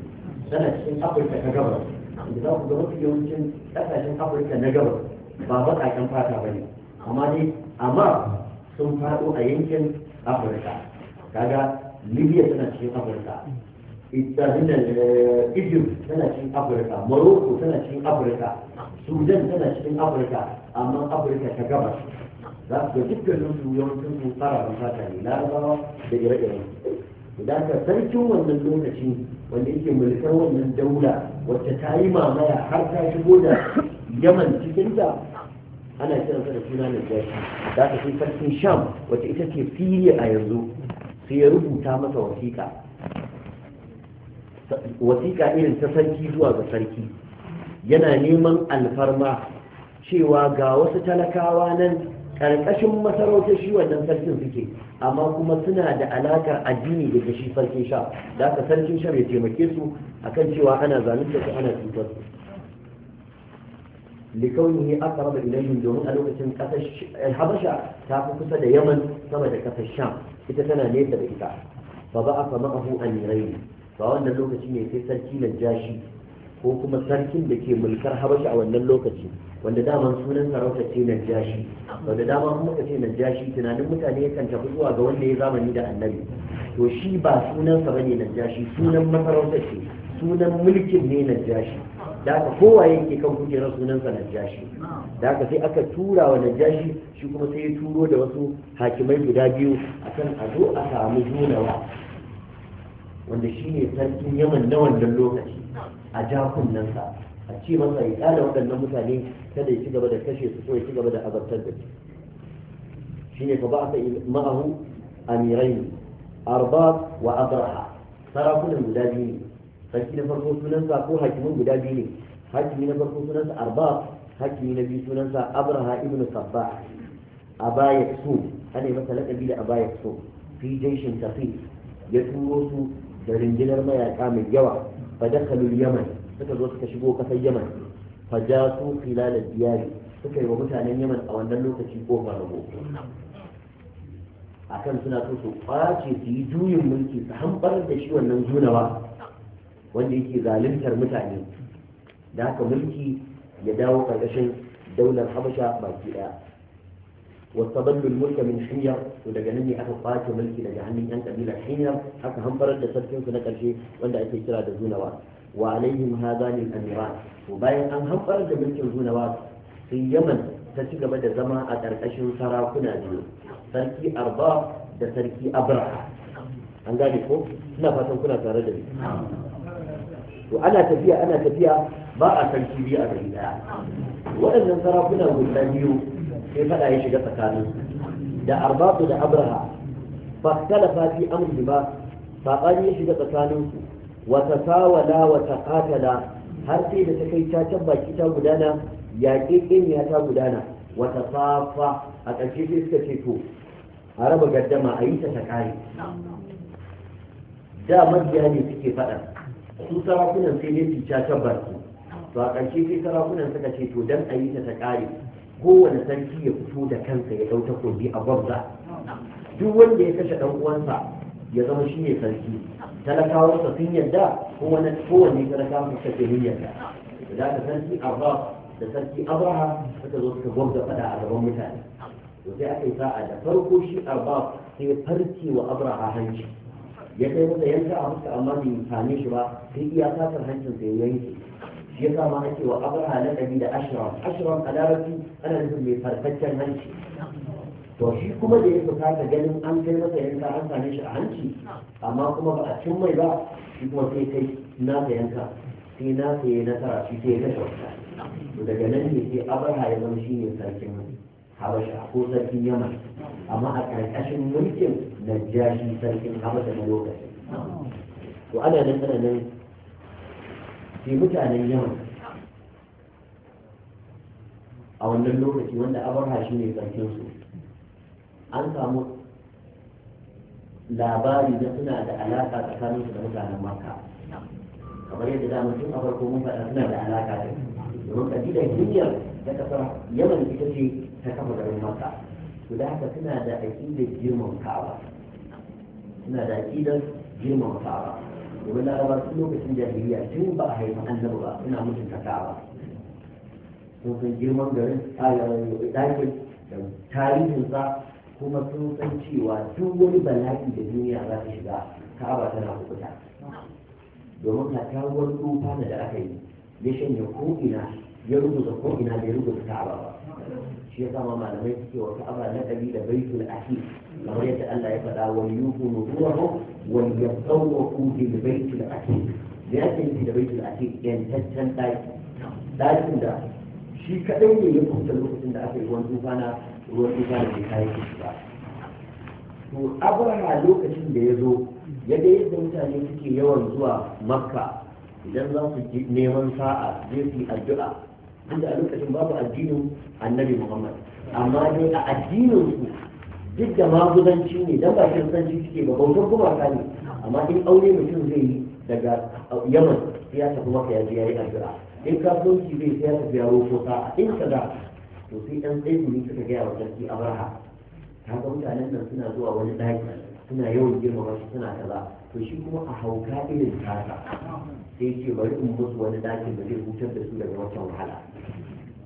tana cikin afirka ta gabas da za ku ga mafi yawancin ƙasashen afirka na gabas ba baƙaƙen fata ba ne amma dai amma sun faɗo a yankin afirka kaga libya tana cikin afirka eh, egypt tana cikin afirka morocco tana cikin afirka sudan tana cikin afirka amma afirka ta gabas za su ga dukkanin su yawancin su fara fata ne larabawa da ire-iren da ka sarkin wannan lokaci wanda yake mulkar wannan daula wacce ta yi mamaya har ta shigo da yaman cikin da ana kiransa da suna najashi da ka sai sarkin sham wacce ita ke fili a yanzu sai ya rubuta masa wasiƙa wasiƙa irin ta sarki zuwa ga sarki yana neman alfarma cewa ga wasu talakawa nan ƙarƙashin masarautar shi wannan sarkin suke amma kuma suna da alakar addini da shi sarkin sha da aka sarkin sha ya taimake su akan cewa ana zalunta su ana cutar su aka raba ilayhim domin a lokacin kasar eh, habasha ta fi kusa da yaman sama da kasar ita tana nesa da ita fa a ma'ahu amiraini ba wannan lokaci ne sai sarki najashi ko kuma sarkin da ke mulkar habasha a wannan lokaci wanda daman sunan sarauta ce najashi wanda dama kuma ka ce najashi tunanin mutane yakan tafi zuwa ga wanda ya zamani da annabi to shi ba sunansa bane najashi sunan masarauta ce sunan mulkin ne najashi da aka kowa yake kan kujerar sunansa najashi da aka sai aka tura wa najashi shi kuma sai ya turo da wasu hakimai guda biyu akan a zo a samu junawa wanda shi ne sarkin yaman na wannan lokaci a ja kunnensa a ci masa ya kada waɗannan mutane kada ya ci gaba da kashe su ko ya ci gaba da azabtar da su shine fa ba'atha ma'ahu amirain arbab wa abraha sarakunan guda biyu ne sarki na farko sunansa ko hakimin guda biyu ne hakimi na farko sunansa arbab hakimi na biyu sunansa abraha ibn sabbah abaya su ana masa lakabi da abaya su fi jaishin tafi ya turo su da rindinar mayaka mai yawa fa dakhalu yaman suka zo suka shigo kasar yaman fa jasu khilal diyari suka yi wa mutanen yaman a wannan lokaci ko kofa rago akan suna so su kwace su juyin mulki su hambar da shi wannan junawa wanda yake zaluntar mutane da haka mulki ya dawo karkashin daular habasha baki ɗaya. والتضل الملك من حمير وده جنني أبو قاتل ملكي لجعلني أن تبيل الحمير حتى هم برد لسركين في نكر شيء ولا أتي ترى دزون وعليهم هذان الأميران وباين أن هم برد ملكي دزون وات في اليمن تسيق بدا زماء أترقش سارا كنا ديو تركي أرضا تركي سركي أبرح أن قال لكم سنا فاتم كنا سارا دبي وأنا تفيا أنا تفيا باع سركي بي أبرح وإذن سارا كنا ملكي sai faɗa ya shiga tsakanin da arbatu da abraha fakkalafa fi amri ba saɓani ya shiga tsakanin su wa tasawala wa taqatala har sai da ta kai cacan baki ta gudana yaƙi ya ta gudana wa tasafa a ƙarshe sai suka ce to a raba gaddama a yi ta ta da mabiya ne suke fada su sarakunan sai ne su cacan baki to a ƙarshe sai sarakunan suka ce to dan a yi ta ta kowane sarki ya fito da kansa ya ɗau takobi a gwamza duk wanda ya kashe ɗan uwansa ya zama shi ne sarki talakawarsa sun yarda kowane kowane talakawarsa suka ce mun yarda da ka sarki abbas da sarki abraham suka zo suka gwamza faɗa a gaban mutane to sai aka yi sa'a da farko shi abbas sai farce wa abraham hanci ya kai masa yanka a fuska amma bai same shi ba sai iya satar hancin sai yanke shi ya sa ma ake wa abraham lakabi da ashram ashram a larabci ana nufin mai farfaccen hanci to shi kuma da ya fita ka ganin an kai masa yanka an same shi a hanci amma kuma ba a cin mai ba shi kuma sai kai nasa yanka sai nasa yi nasara shi sai ya kashe to daga nan ne sai abarha ya zama shi ne sarkin habasha ko sarkin yaman amma a ƙarƙashin mulkin na jashi sarkin habasha na lokacin to ana nan ana nan sai mutanen yaman a wannan lokaci wanda abarha shi ne su an samu labari da suna da alaka tsakanin su da mutanen maka kamar yadda da mutum a farko mun faɗa suna da alaka da domin kabilar duniyar ta kasar yaman ita ce ta kafa garin maka to da haka suna da aƙidar girman kawa suna da aƙidar girman kawa domin larabar tun lokacin jahiliya tun ba a haifa annabi ba suna mutunta kawa sun san girman garin ɗakin da tarihinsa kuma sun san cewa duk wani bala'i da duniya za ta shiga ka'aba tana hukuta domin katawar tsufa da da aka yi ya shanya ko'ina ya rubuta ko'ina da ya rubuta ka'aba ba shi ya sama malamai suke wa ka'aba na ɗari da baitul ahi kamar yadda Allah ya faɗa Wani yuhu nuzuwahu wa yatawwafu bil baitul ahi da ya da baitul ahi yantaccen ɗaki ɗakin da shi kaɗai ne ya kusa lokacin da aka yi ruwan na ruwan da bai yi shi ba to abraha lokacin da ya zo ya ga yadda mutane suke yawan zuwa makka idan za su neman sa'a zai su yi addu'a inda a lokacin babu addinin annabi muhammad amma dai a addinin su duk da maguzanci ne dan ba kiristanci suke ba bautar gumaka ne amma in aure mutum zai yi daga yaman ya tafi maka ya je ya yi addu'a in kasuwanci zai sai ka biya ko a in ka da to sai ɗan tsaye ne suka gaya wa sarki abraha ta ga mutanen nan suna zuwa wani daki suna yawan girmama shi suna kaza to shi kuma a hauka irin tasa sai ce bari in musu wani ɗakin da zai hutar da su daga wata wahala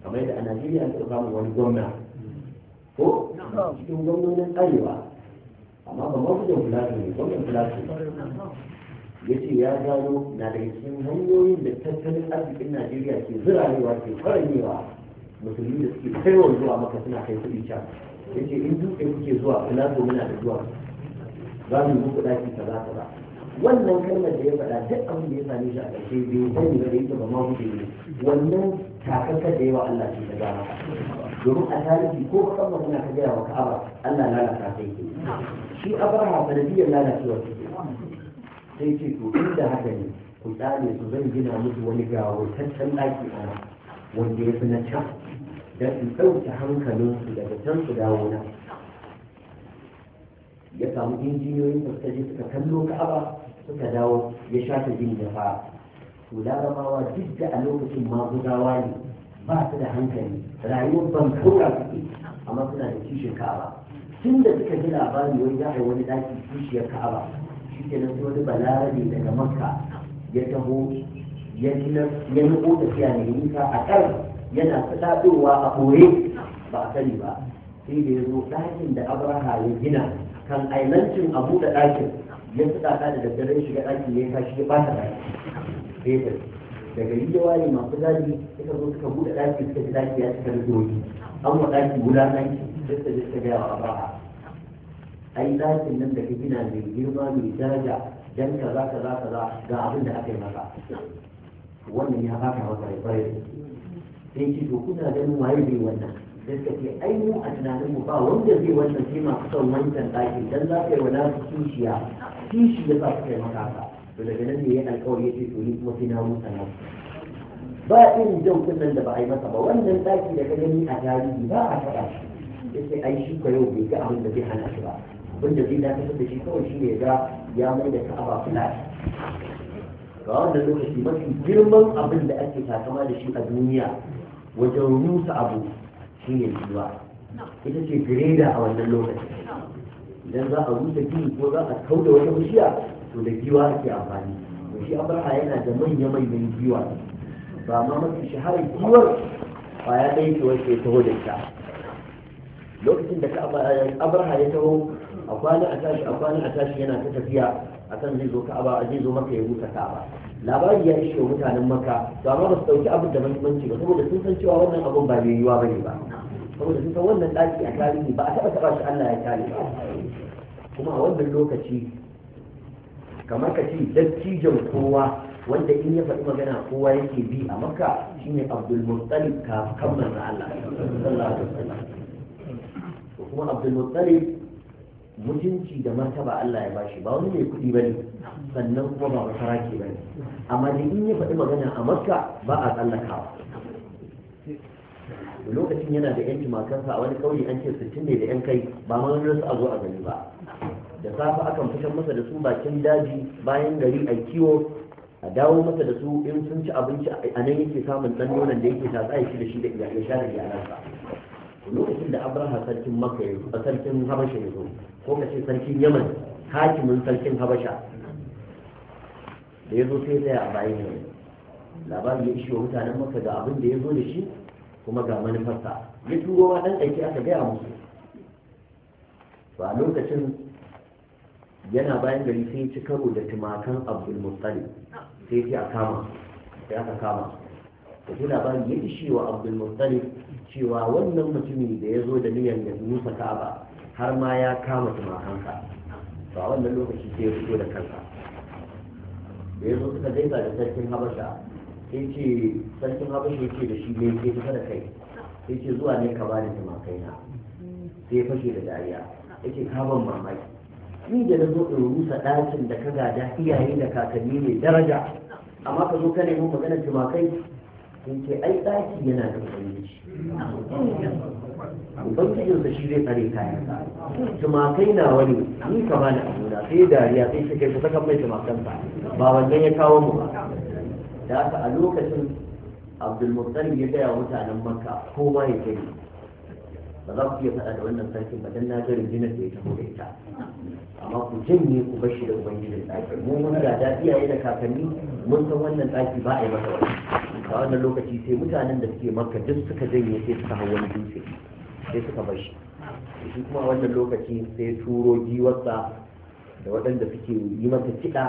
kamar yadda a najeriya an taɓa wani gwamna ko cikin gwamnonin arewa amma ba mafi da fulatu ne gwamnan fulatu ya ce ya gano na da cikin hanyoyin da tattalin arzikin najeriya ke zirarewa ke faranewa musulmi da suke kaiwa zuwa maka suna kai kuɗi can ya ce in dutse kuke zuwa filato muna da zuwa za mu yi muku ɗaki kaza kaza wannan kalmar da ya faɗa duk abin da ya same shi a ƙarshe bai sani ba da yake ba ma kuke ne wannan kakakar da yawa Allah ce ta maka domin a tarihi ko kan magana ka gaya wa ka'aba Allah lalata ta yake shi abraha sanadiyar lalacewa ce sai ce to inda haka ne ku tsare su zan gina musu wani gawurtaccen ɗaki a nan wanda ya fi na can don su ɗauke hankalinsu daga can su dawo nan ya samu injiniyoyin da suka je suka kallo ka'aba suka dawo ya shafe jin da fa to larabawa duk da a lokacin maguzawa ne ba su da hankali rayuwar ban kaura suke amma suna da kishin ka'aba tun da suka ji labari wani za a yi wani ɗaki kishiyar ka'aba shi ke nan wani balarabe daga makka ya taho ya nufo tafiya ne nisa a kan yana fitaɗowa a ɓoye ba a sani ba sai da ya zo ɗakin da abraha ya gina kan ailancin a buɗe ɗakin ya fitaɗa da daddare shiga ɗakin ya kashi ya ɓata ɗakin daga yi da waye masu daji suka zo suka buɗe ɗaki suka ji ɗaki ya cika da doki an wa ɗaki wulaƙanci duk da duk da gaya wa abraha ai dakin nan da ka gina mai girma mai daraja dan kaza kaza kaza ga abin da aka yi maka wannan ya baka maka rai kwarai sai ce to kuna ganin waye bai wannan sai suka ce ai mu a tunanin mu ba wanda zai wannan sai masu son wancan ɗakin dan za ka yi wa nasu kishiya kishi ya sa suka yi maka haka to daga nan ne ya alkawari ya ce to ni kuma sai na rusa nan ba irin jan kunnen da ba a yi masa ba wannan ɗaki da ka gani a tarihi ba a faɗa shi ya ce ai shi ka yau bai ga abin da zai hana shi ba wanda zai dakatar da shi kawai shi ne ga ya mai da ka'aba flat ga wanda lokaci mafi girman abin da ake takama da shi a duniya wajen rusa abu shi ne zuwa ita ce gireda a wannan lokaci idan za a rusa gini ko za a da wata bishiya to da giwa ake amfani to shi abraha yana da manya-manyan giwa ba ma mafi shahararriwar giwar ba ya ɗaya ke wacce ya taho da ita lokacin da abraha ya taho a kwana a tashi a kwana a tashi yana ta tafiya a kan zai zo ka'aba zai zo maka ya huta ka'aba labari ya ishe mutanen maka to amma ba su dauki abin da muhimmanci ba saboda sun san cewa wannan abin ba mai yiwuwa bane ba saboda sun san wannan daki a tarihi ba a taba taba shi Allah ya kare ba kuma a wannan lokaci kamar ka ce dattijan kowa wanda in ya faɗi magana kowa yake bi a makka shine abdul muttalib kafin manzo Allah sallallahu alaihi wasallam kuma abdul muttalib mutunci da martaba Allah ya bashi ba wani mai kuɗi bane sannan kuma ba masaraki bane amma da in ya faɗi magana a makka ba a tsallakawa lokacin yana da yanci makansa a wani kauye an ce sittin ne da yan kai ba ma wani a zo a gani ba da safe akan fitar masa da su bakin daji bayan gari a kiwo a dawo masa da su in sun ci abinci a nan yake samun ɗan nonon da yake tatsa shi da shi da iyalan sha da iyalansa lokacin da abraha sarkin maka ya zo sarkin habasha ya zo ko kace sarkin yaman hakimin sarkin habasha da ya zo sai tsaya a bayan yaman labarin ya ishe wa mutanen masa ga abin da ya zo da shi kuma ga manufarsa ya turo wa dan aiki aka gaya musu ba lokacin yana bayan gari sai ci karo da tumakan abdulmustali sai ya kama sai aka kama da shi labarin ya ishi wa abdulmuttalib cewa wannan mutumi da ya zo da niyan ya nusa ka'aba har ma ya kama tumakanka to wannan lokaci sai ya fito da kansa da ya zo suka gaisa da sarkin habasha sai ce sarkin habasha ya ce da shi ne ke fita da kai sai ce zuwa ne ka bani na sai ya fashe da dariya ya ce ka ban mamaki ni da na zo in rusa ɗakin da ka gada iyaye da kakanni ne daraja amma ka zo ka nemi maganar tumakai ke ai ɗaki yana da ubangiji ubangijinsa shi zai tsare kayan tumakai na wani ni ka bani abuna sai dariya sai shi kai saka kan mai tumakansa ba wannan ya kawo mu ba da haka a lokacin abdulmuttalib ya gaya mutanen makka ko ma ya kai ba za ku iya faɗa da wannan sarkin ba dan na ga rundunar da ya taho da ita amma ku janye ku bar shi da ubangijin tsaki mu mun ga iyaye da kakanni mun san wannan tsaki ba a yi masa wani a wannan lokaci sai mutanen da suke makka duk suka janye sai suka hau wani dutse sai suka bar shi shi kuma wannan lokaci sai turo giwarsa da waɗanda suke yi mata kiɗa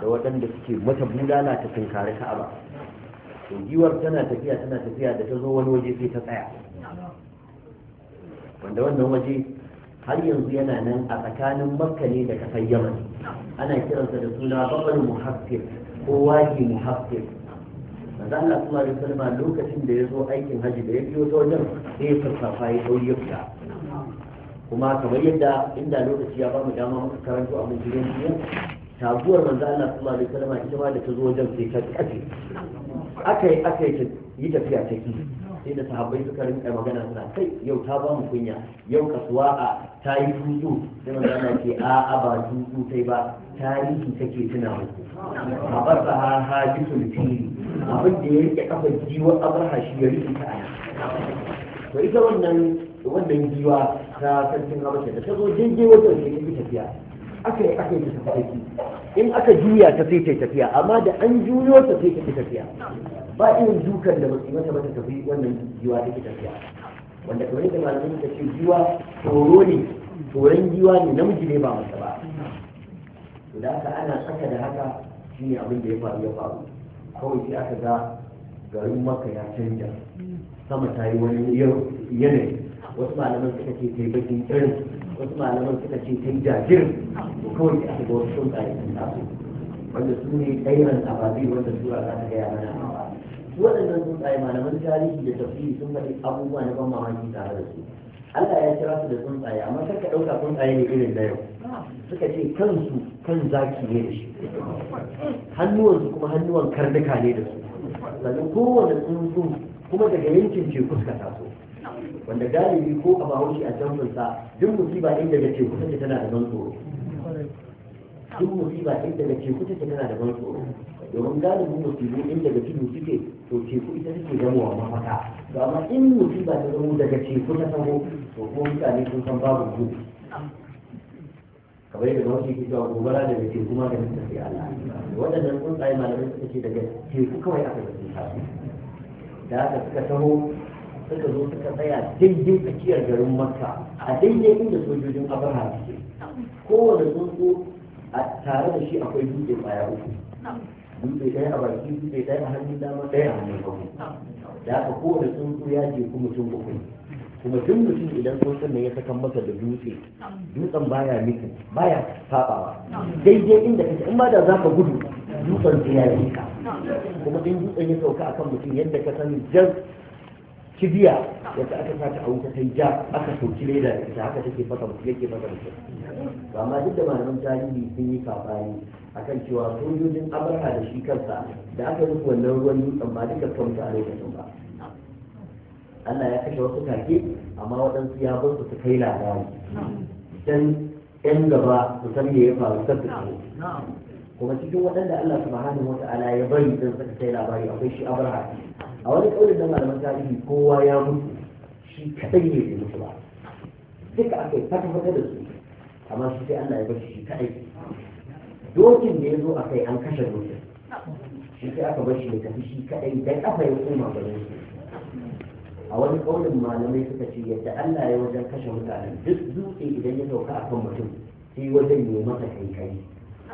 da waɗanda suke mata bulala ta tunkari ka'aba to giwar tana tafiya tana tafiya da ta zo wani waje sai ta tsaya wanda wannan waje har yanzu yana nan a tsakanin makka ne da kasar yaman ana kiransa da suna babal muhaffir ko waji muhaffir manzo Allah sallallahu da salma lokacin da ya zo aikin haji da ya biyo ta wajen sai ya sassafa ya dau ya kuma kamar yadda inda lokaci ya bamu dama muka karanto a jirin jiya taguwar manzo Allah sallallahu da salma ita ma da ta zo wajen sai ta kace akai akai yi tafiya ta ki sai da sahabbai suka rinka magana suna kai yau ta ba mu kunya yau kasuwa a ta yi tutu sai mun Allah ce a a ba tutu sai ba tarihi take tuna mu a bar sa ha ha jisul tiri abin da ya rike kafa jiwa abraha shi ya rike ta to ita wannan wannan jiwa ta sarkin habasha da ta zo jirgin wata ne ta tafiya aka yi aka yi ta tafi in aka juya ta sai ta tafiya amma da an juyo ta sai ta tafiya ba irin dukan da basu mata mata tafi wannan giwa take tafiya wanda kamar yadda malamin ta ce giwa tsoro ne tsoron giwa ne namiji ne ba masa ba to da haka ana saka da haka shine abin da ya faru ya faru kawai sai aka ga garin maka ya canja sama ta yi wani yanayi wasu malaman suka ce ta yi bakin irin wasu malaman suka ce ta yi jajirin to kawai sai aka ga wasu sun tsaye sun taso wanda su ne ɗayan abazi wanda sura za ta gaya mana waɗannan tsuntsaye malaman tarihi da tafsiri sun faɗi abubuwa na ban mamaki tare da su Allah ya kira su da tsuntsaye amma kar ka ɗauka tsuntsaye ne irin da yau suka ce kansu kan zaki ne da shi hannuwansu kuma hannuwan karnuka ne da su sannan kowane tsuntsun kuma daga yankin teku suka taso wanda galibi ko a bahaushe a can duk musiba ɗin daga teku take tana da ban tsoro duk musiba ɗin daga teku take tana da ban tsoro domin gane galibin musibu ɗin daga tudu suke to teku ita take gamowa mafaka to amma in musiba ta zamo daga teku ta samo to kuma mutane sun san babu gudu kamar yadda wani ke cewa gobara daga teku ma da mutum sai Allah waɗannan tsaye malamai suka ce daga teku kawai aka zafi tasu da haka suka taho suka zo suka tsaya daidai tsakiyar garin makka a daidai inda sojojin abraham suke kowane tsuntsu a tare da shi akwai dutse baya uku dutse ɗaya a baki dutse ɗaya a hannun dama ɗaya a hannun hagu da aka kowane tsuntsu ya je kuma mutum uku kuma tun mutum idan tsuntsun ne ya sakan masa da dutse dutsen baya miki baya sabawa daidai inda kake in ba da za ka gudu dutsen sai ya yi ka kuma in dutsen ya sauka akan mutum yadda ka sani jan kibiya wata aka sa ta a wuta ta ja aka soki leda da ita haka take fasa mutum yake fasa mutum amma duk da malaman tarihi sun yi kafani akan cewa sojojin abarka da shi kansa da aka rufe wannan ruwan dutsen ba duka kamta a lokacin ba Allah ya kashe wasu kake amma waɗansu ya bar su kai labari dan yan gaba su san me ya faru sabbi kuma cikin waɗanda Allah subhanahu wata'ala ya bari dan su kai labari akwai shi abarka a wani ƙaunin na malaman tarihi kowa ya mutu shi kadai ne da mutu ba duka aka yi fata fata da su amma shi sai Allah ya bar shi kaɗai dokin da ya zo a kai an kashe dokin shi sai aka bar shi ya tafi shi kaɗai dan kafa ya koma garin su a wani ƙaunin malamai suka ce yadda Allah ya wajen kashe mutane duk dutse idan ya sauka a kan mutum sai wajen ne masa kai kai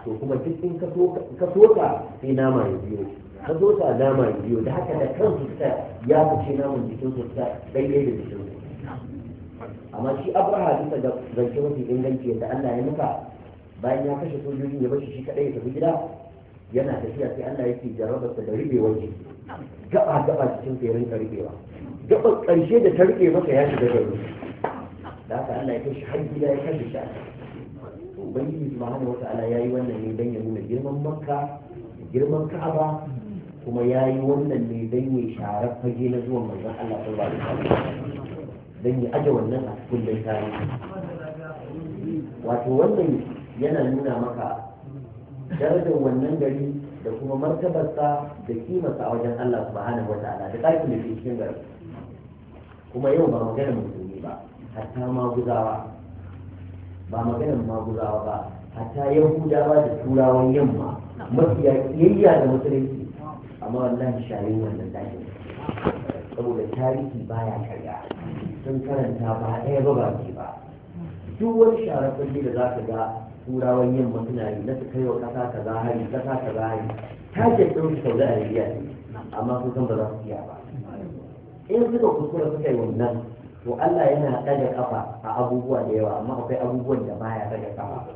to kuma duk in ka soka sai nama ya biyo ka zo ta nama biyu da haka da kan su ta ya fice namun jikin su daidai da jikin su amma shi abraha bisa da zance mafi inganci yadda allah ya nufa bayan ya kashe sojoji ya bashi shi kadai ya tafi gida yana tafiya sai allah yake jarrabarsa da ribewar jiki gaba gaba cikin sa ya rinka ribewa gaba karshe da ta rike masa ya shiga gari da haka allah ya kashe har gida ya kashe shi ubangiji subhanahu wa ta'ala yayi wannan ne dan ya nuna girman makka girman ka'aba kuma ya yi wannan ne don yi sharar fage na zuwa manzon Allah ta alaihi wasallam don yi aje wannan a cikin dai tarihi wato wannan yana nuna maka darajar wannan gari da kuma martabarsa da kimarsa a wajen Allah subhanahu wataala da ƙarfin da ke cikin gari kuma yau ba magana musulmi ba hatta maguzawa ba ma maguzawa ba hatta yahudawa da turawan yamma mafiya kiyayya da musulunci amma wallahi shayin wannan ke saboda tarihi baya karya sun karanta ba ɗaya ba ba ba duk wani sharar da za ka ga turawan yin suna yi na su kai wa ƙasa kaza hari ƙasa kaza hari ke ɗin su saudi arabiya ne amma sun san ba za su iya ba in suka kuskura suka yi wannan to Allah yana ɗaga ƙafa a abubuwa da yawa amma akwai abubuwan da baya ɗaga kafa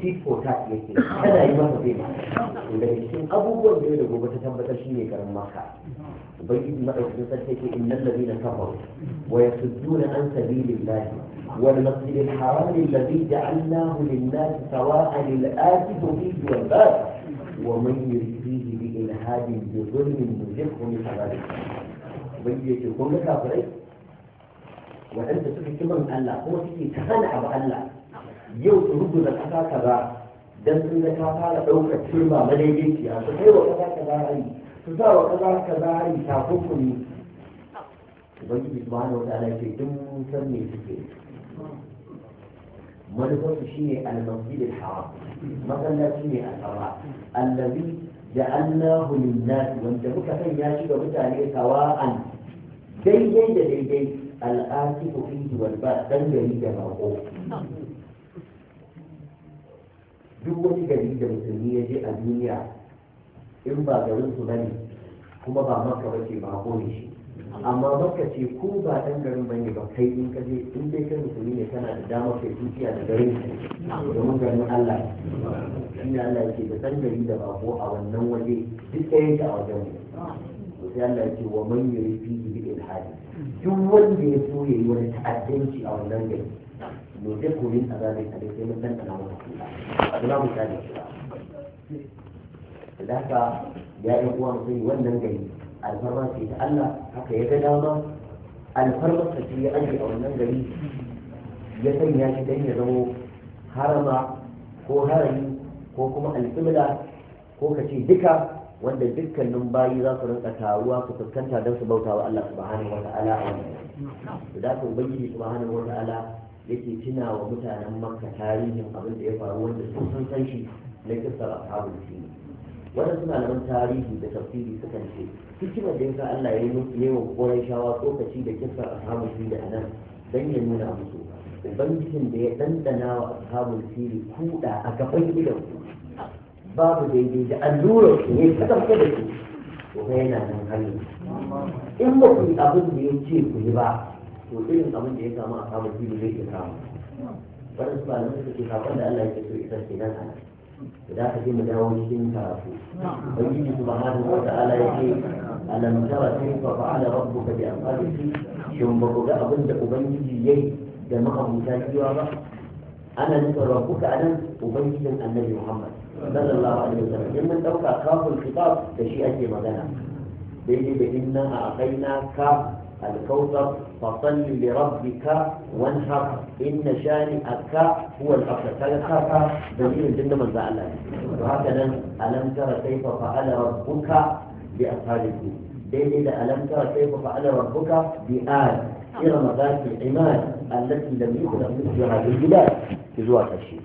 tit for tat yake kada yi masa bai ma to daga cikin abubuwan da yau da gobe ta tabbatar shi ne garin maka ubangiji madaukakin sarki yake innal ladina kafaru wa yasudduna an sabilillah wal masjidil haram alladhi ja'alnahu lin-nas sawa'an lil-aakif fihi wal baad wa man yurid fihi bi ilhadin bi dhulmin nuzighu min adhabin ubangiji yake kun ga kafirai waɗanda suka ki man Allah kuma suke ta hana abu Allah yau su rubuta ƙasa kaza dan sun ga ta fara ɗaukar turba madaidaiciya su kai wa ƙasa kaza hari su sa wa ƙasa kaza hari takunkumi ubangiji subhanahu wa ta'ala yake duk mun san me suke manufarsu shine al da al-haram masallaci ne al-haram da ja'alnahu lin-nas wanda muka sanya shi ga mutane sawa'an daidai da daidai al'atifu fihi wal ba dan gari da bako duk wani gari da musulmi ya je a duniya in ba garin su bane kuma ba maka ba ce bako ne shi amma maka ce ko ba dan garin bane ba kai in ka je in dai kai musulmi ne kana da damar kai dukiya da garin domin garin Allah shi ne Allah yake da dan gari da bako a wannan waje duk ɗayan ka a wajen mu sai Allah yake wa man yuri fihi jihadi duk wanda ya so yayi wani ta'addanci a wannan gari me zai koyi a zaɓe a dai sai mun san kana wani kula a duk mu tsare shi ba da haka ya yi uwa mu sani wannan gari alfarma ce ta Allah haka ya ga dama alfarma ce ya aje a wannan gari ya sanya shi dan ya zamo harama ko harami ko kuma alƙibla ko ka ce duka wanda dukkanin bayi za su rinka taruwa su fuskanta don su bauta wa Allah subhanahu wa ta'ala a wannan da ka ubangiji subhanahu wa ta'ala yake tuna wa mutanen makka tarihin abin da ya faru wanda sun san san shi na kissar ashabul fil wannan suna nan tarihi da tafsiri suka ce hikimar da yasa Allah ya yi wa koran shawa tsokaci da kissar ashabul fil da anan dan ya nuna musu ubangijin da ya dandana wa ashabul fil kuda a gaban ku. babu daidai da allurar shi ne ta ɗauke da shi to ga yana nan hali in ba ku yi abin da ya ce ku yi ba to irin abin da ya samu a samun fili zai ke samu wannan su malamai suke kafin da Allah ya so ita ke nan ana da za ka je mu dawo cikin karatu yi ubangiji subhanahu wa ta'ala ya ce alam tara kayfa fa'ala rabbuka bi ashabihi shin ba ku ga abin da ubangiji yayi da ma'abuta kiwa ba ana nufin rabbuka anan ubangijin annabi Muhammad صلى الله عليه وسلم لما توقع كاف الخطاب da shi ake magana daidai كاف الكوثر فصل لربك وانحر إن شانئك هو الأفضل هذا كاف دليل جدا من زعلان وهكذا ألم ترى كيف فعل ربك بأصحاب الدين إذا ألم ترى كيف فعل ربك بآل إرم ذات العماد التي لم يخلق مثلها في البلاد في زوات الشيخ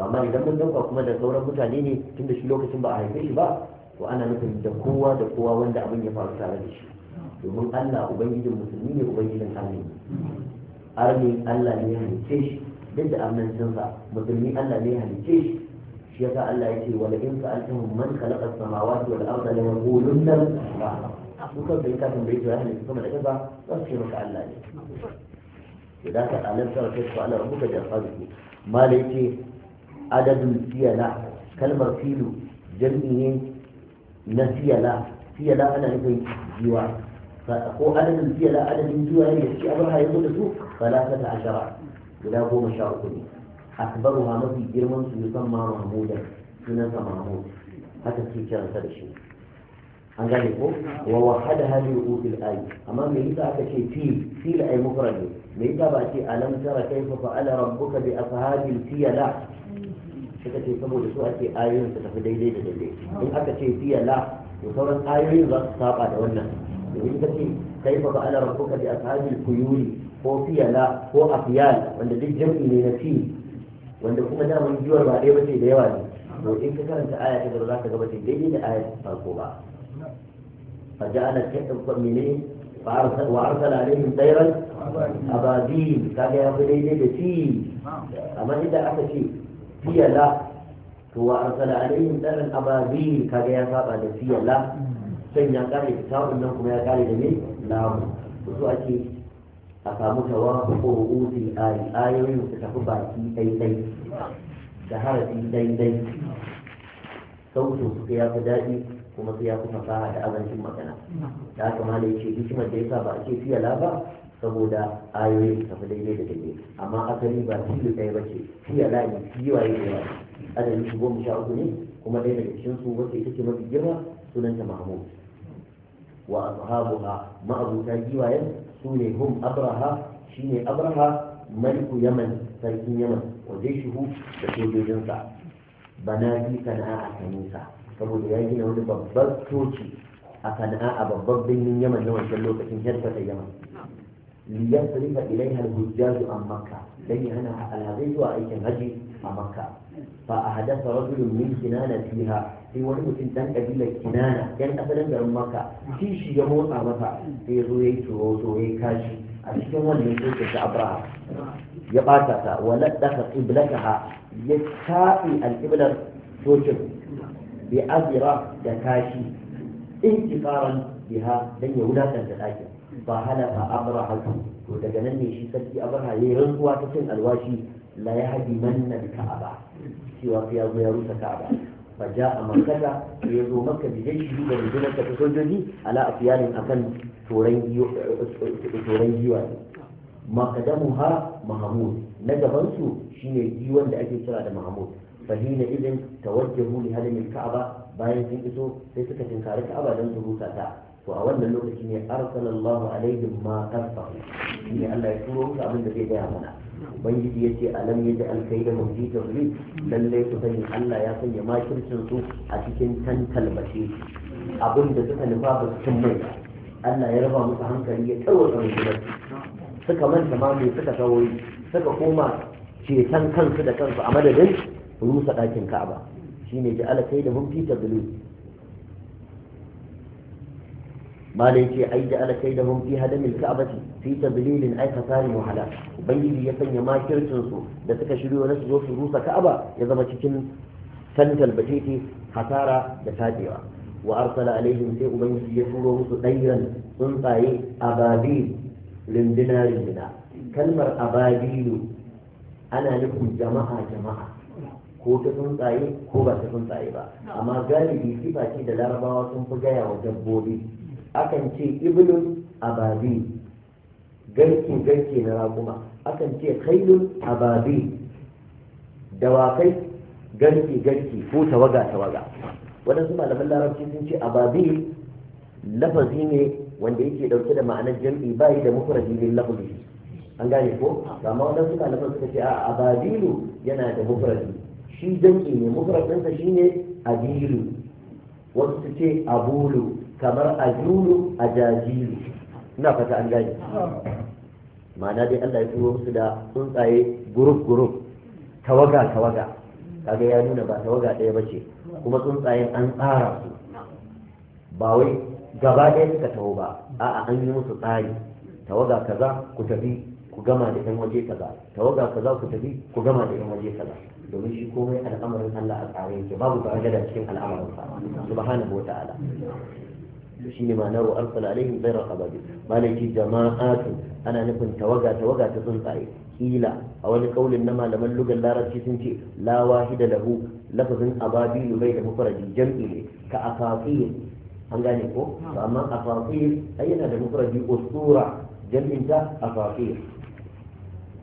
to amma idan mun dauka kuma da sauran mutane ne tunda shi lokacin ba a haife shi ba to ana nufin da kowa da kowa wanda abin ya faru tare da shi domin Allah ubangijin musulmi ne ubangijin arni arni Allah ne ya halice shi duk da amincinsa musulmi Allah ne ya halice shi shi yasa Allah ya ce wala in sa'altahum man khalaqa as-samawati wal arda la yaqulunna Allah kuka bai ka tambaye ya halice kuma da kasa za su ce maka Allah ne to da ka alamta wa kai su ala rabbuka da asabiku mala yace adadin siyala kalmar filu jami'i na siyala siyala ana nufin jiwa ko adadin siyala adadin jiwa ne shi abraha ya zo da su salasata ashara guda goma sha uku ne akbaruha mafi girman su ma mahmuda sunansa mahmud haka ce kiransa da shi an gane ko wa wahada hali rubutul ayi amma me yasa aka ce fi fi ay mufrad me yasa ba ce alam tara kayfa fa'ala rabbuka bi ashabil fiyala suka ce saboda su ake ayoyin su tafi daidai da daidai in aka ce fiya la to sauran ayoyin za su saba da wannan domin ka ce kai fa ba'ala rabbuka bi ashabil kuyuri ko fiya la ko afyal wanda duk jam'i ne na fi wanda kuma daman jiwar ba ɗaya bace da yawa ne to in ka karanta aya ta gaba za ka gaba daidai da aya ta farko ba fa ja'ala ta'abba minni وارسل عليهم طيرا ابابيل كان يا ابو ليلى في اما اذا اكا شيء fiyala to wa arsala alaihim dalan ababil kaga ya saba da fiyala sai ya kare ta nan kuma ya kare da me lamu to ake a samu tawafu ko ru'usi ayi ayoyi su tafi baki daidai da harafi daidai sautin su ya fi daɗi kuma su ya fi fasaha da azancin magana da haka ma ce hikimar da yasa ba a ce fiyala ba saboda ayoyin su tafi daidai da daidai amma asali ba tilo ɗaya shi ya fiye shi yi waye da adadin su goma sha uku ne kuma ɗaya daga cikin su wacce ita ce mafi girma sunanta mahmud wa ashabuha ma'abuta giwayen su ne hum abraha shine abraha maliku yaman sarkin yaman shi hu da sojojinsa banati kana'a a kanisa saboda ya gina wani babban toci a a babban birnin yaman na wancan lokacin ta yaman liyantarin da ilai halhujjaju a makka dan ya hana alhazaitu zuwa aikin haji a makka fa a hadasa rajulun min kinana fiha sai wani mutum ɗan kabilar kinana yan kasar garin makka shi shi ya motsa masa sai ya zo ya yi kashi a cikin wannan sosai ta abraha ya ɓata ta wa laddaka qiblataha ya ta'i al-qiblar sosai bi azira da kashi intiqaran biha dan ya wulatan da dakin ba hana ba a bar to daga nan ne shi sarki a bar hayi uwa ta cin alwashi la ya haɗi manna da ka'aba cewa ka ya zo ya rusa ka'aba fa ja a makkata ya zo makka da jai shi da rundunar ta sojoji ala a fiyalin a kan toren giwa ne makadamu mahamud na gabansu shine giwan da ake kira da mahamud fahina idan tawajjahu li halimin ka'aba bayan sun iso sai suka tinkari ka'aba don su rusa ta to a wannan lokaci ne arsalallahu alaihim ma tasfahu ne Allah ya turo musu abin da zai gaya mana ubangiji yace alam yaji alkaida mun fi tafri lalle ku sani Allah ya sanya makircin su a cikin tantalbashi abin da suka nufa ba su mai Allah ya raba musu hankali ya tarwata mai gidan suka manta ma mai suka tawoyi suka koma ceton kansu da kansu a madadin rusa ɗakin ka'aba shine ji alkaida mun fi ما ليتي أي جعل كيدهم في هدم الكعبة في تضليل أي خسار وحلا وبنجي يسن makircin su da suka shiryo na su zo su rusa Ka'aba ya zama cikin santal batiti hasara da tadewa wa arsala alaihim sai ubangiji ya turo musu dairan tsuntsaye ababil rindina rindina kalmar ababilu ana nufin jama'a jama'a ko ta tsuntsaye ko ba ta tsuntsaye ba amma galibi sifa ce da larabawa sun fi gaya wa dabbobi akan ce ibnun ababi garke garke na raƙuma akan ce khailun ababi dawakai garki garki ko tawaga tawaga waɗansu malaman larabci sun ce ababi lafazi ne wanda yake ɗauke da ma'anar jam'i bayi da mufradi lil lafzi an gane ko amma waɗansu malaman suka ce a ababilu yana da mufradi shi jam'i ne sa shine abilu wasu su ce abulu kamar a jajiru. ina fata an gani ma'ana dai Allah ya turo musu da tsuntsaye guruf guruf tawaga tawaga kaga ya nuna ba tawaga ɗaya bace kuma tsuntsayen an tsara su ba wai gaba ɗaya suka taho ba a'a an yi musu tsari tawaga kaza ku tafi ku gama da yan waje kaza tawaga kaza ku tafi ku gama da yan waje kaza domin shi komai al'amarin Allah a tsare yake babu ba gada cikin al'amarin sa subhanahu wa ta'ala shine ma'anar wa arsala alaihim ghayra khababi malaki jama'atu ana nufin tawaga tawaga ta tsuntsaye kila a wani kaulin na malaman lugan larabci sun ce la wahida lahu lafazin ababilu bai da mufaradi jam'i ne ka afafil an gane ko amma afafil ai yana da mufaradi usura jam'in ta afafil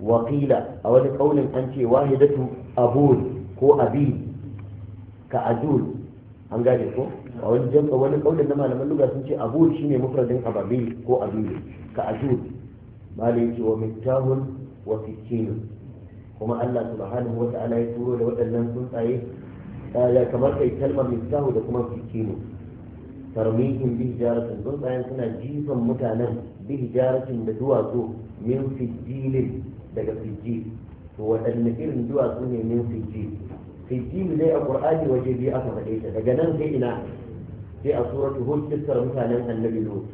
wakila a wani kaulin an ce wahidatu abul ko abil ka ajul an gane ko a wani jam'a wani kaulin na malaman luga sun ce abud shine mufradin ababil ko abili ka ajud malai ce wa miktahun wa fikinu kuma Allah subhanahu wa ta'ala ya turo da waɗannan tsuntsaye kamar kai kalmar miftahu da kuma fikinu tarmihin bi hijaratin tsuntsayen suna jifan mutanen bi hijaratin da duwatsu min fijilin daga fijil to waɗanne irin duwatsu ne min fijil fijil dai a ƙur'ani waje biyu aka faɗe ta daga nan sai ina sai a suratu hud kissar mutanen annabi lut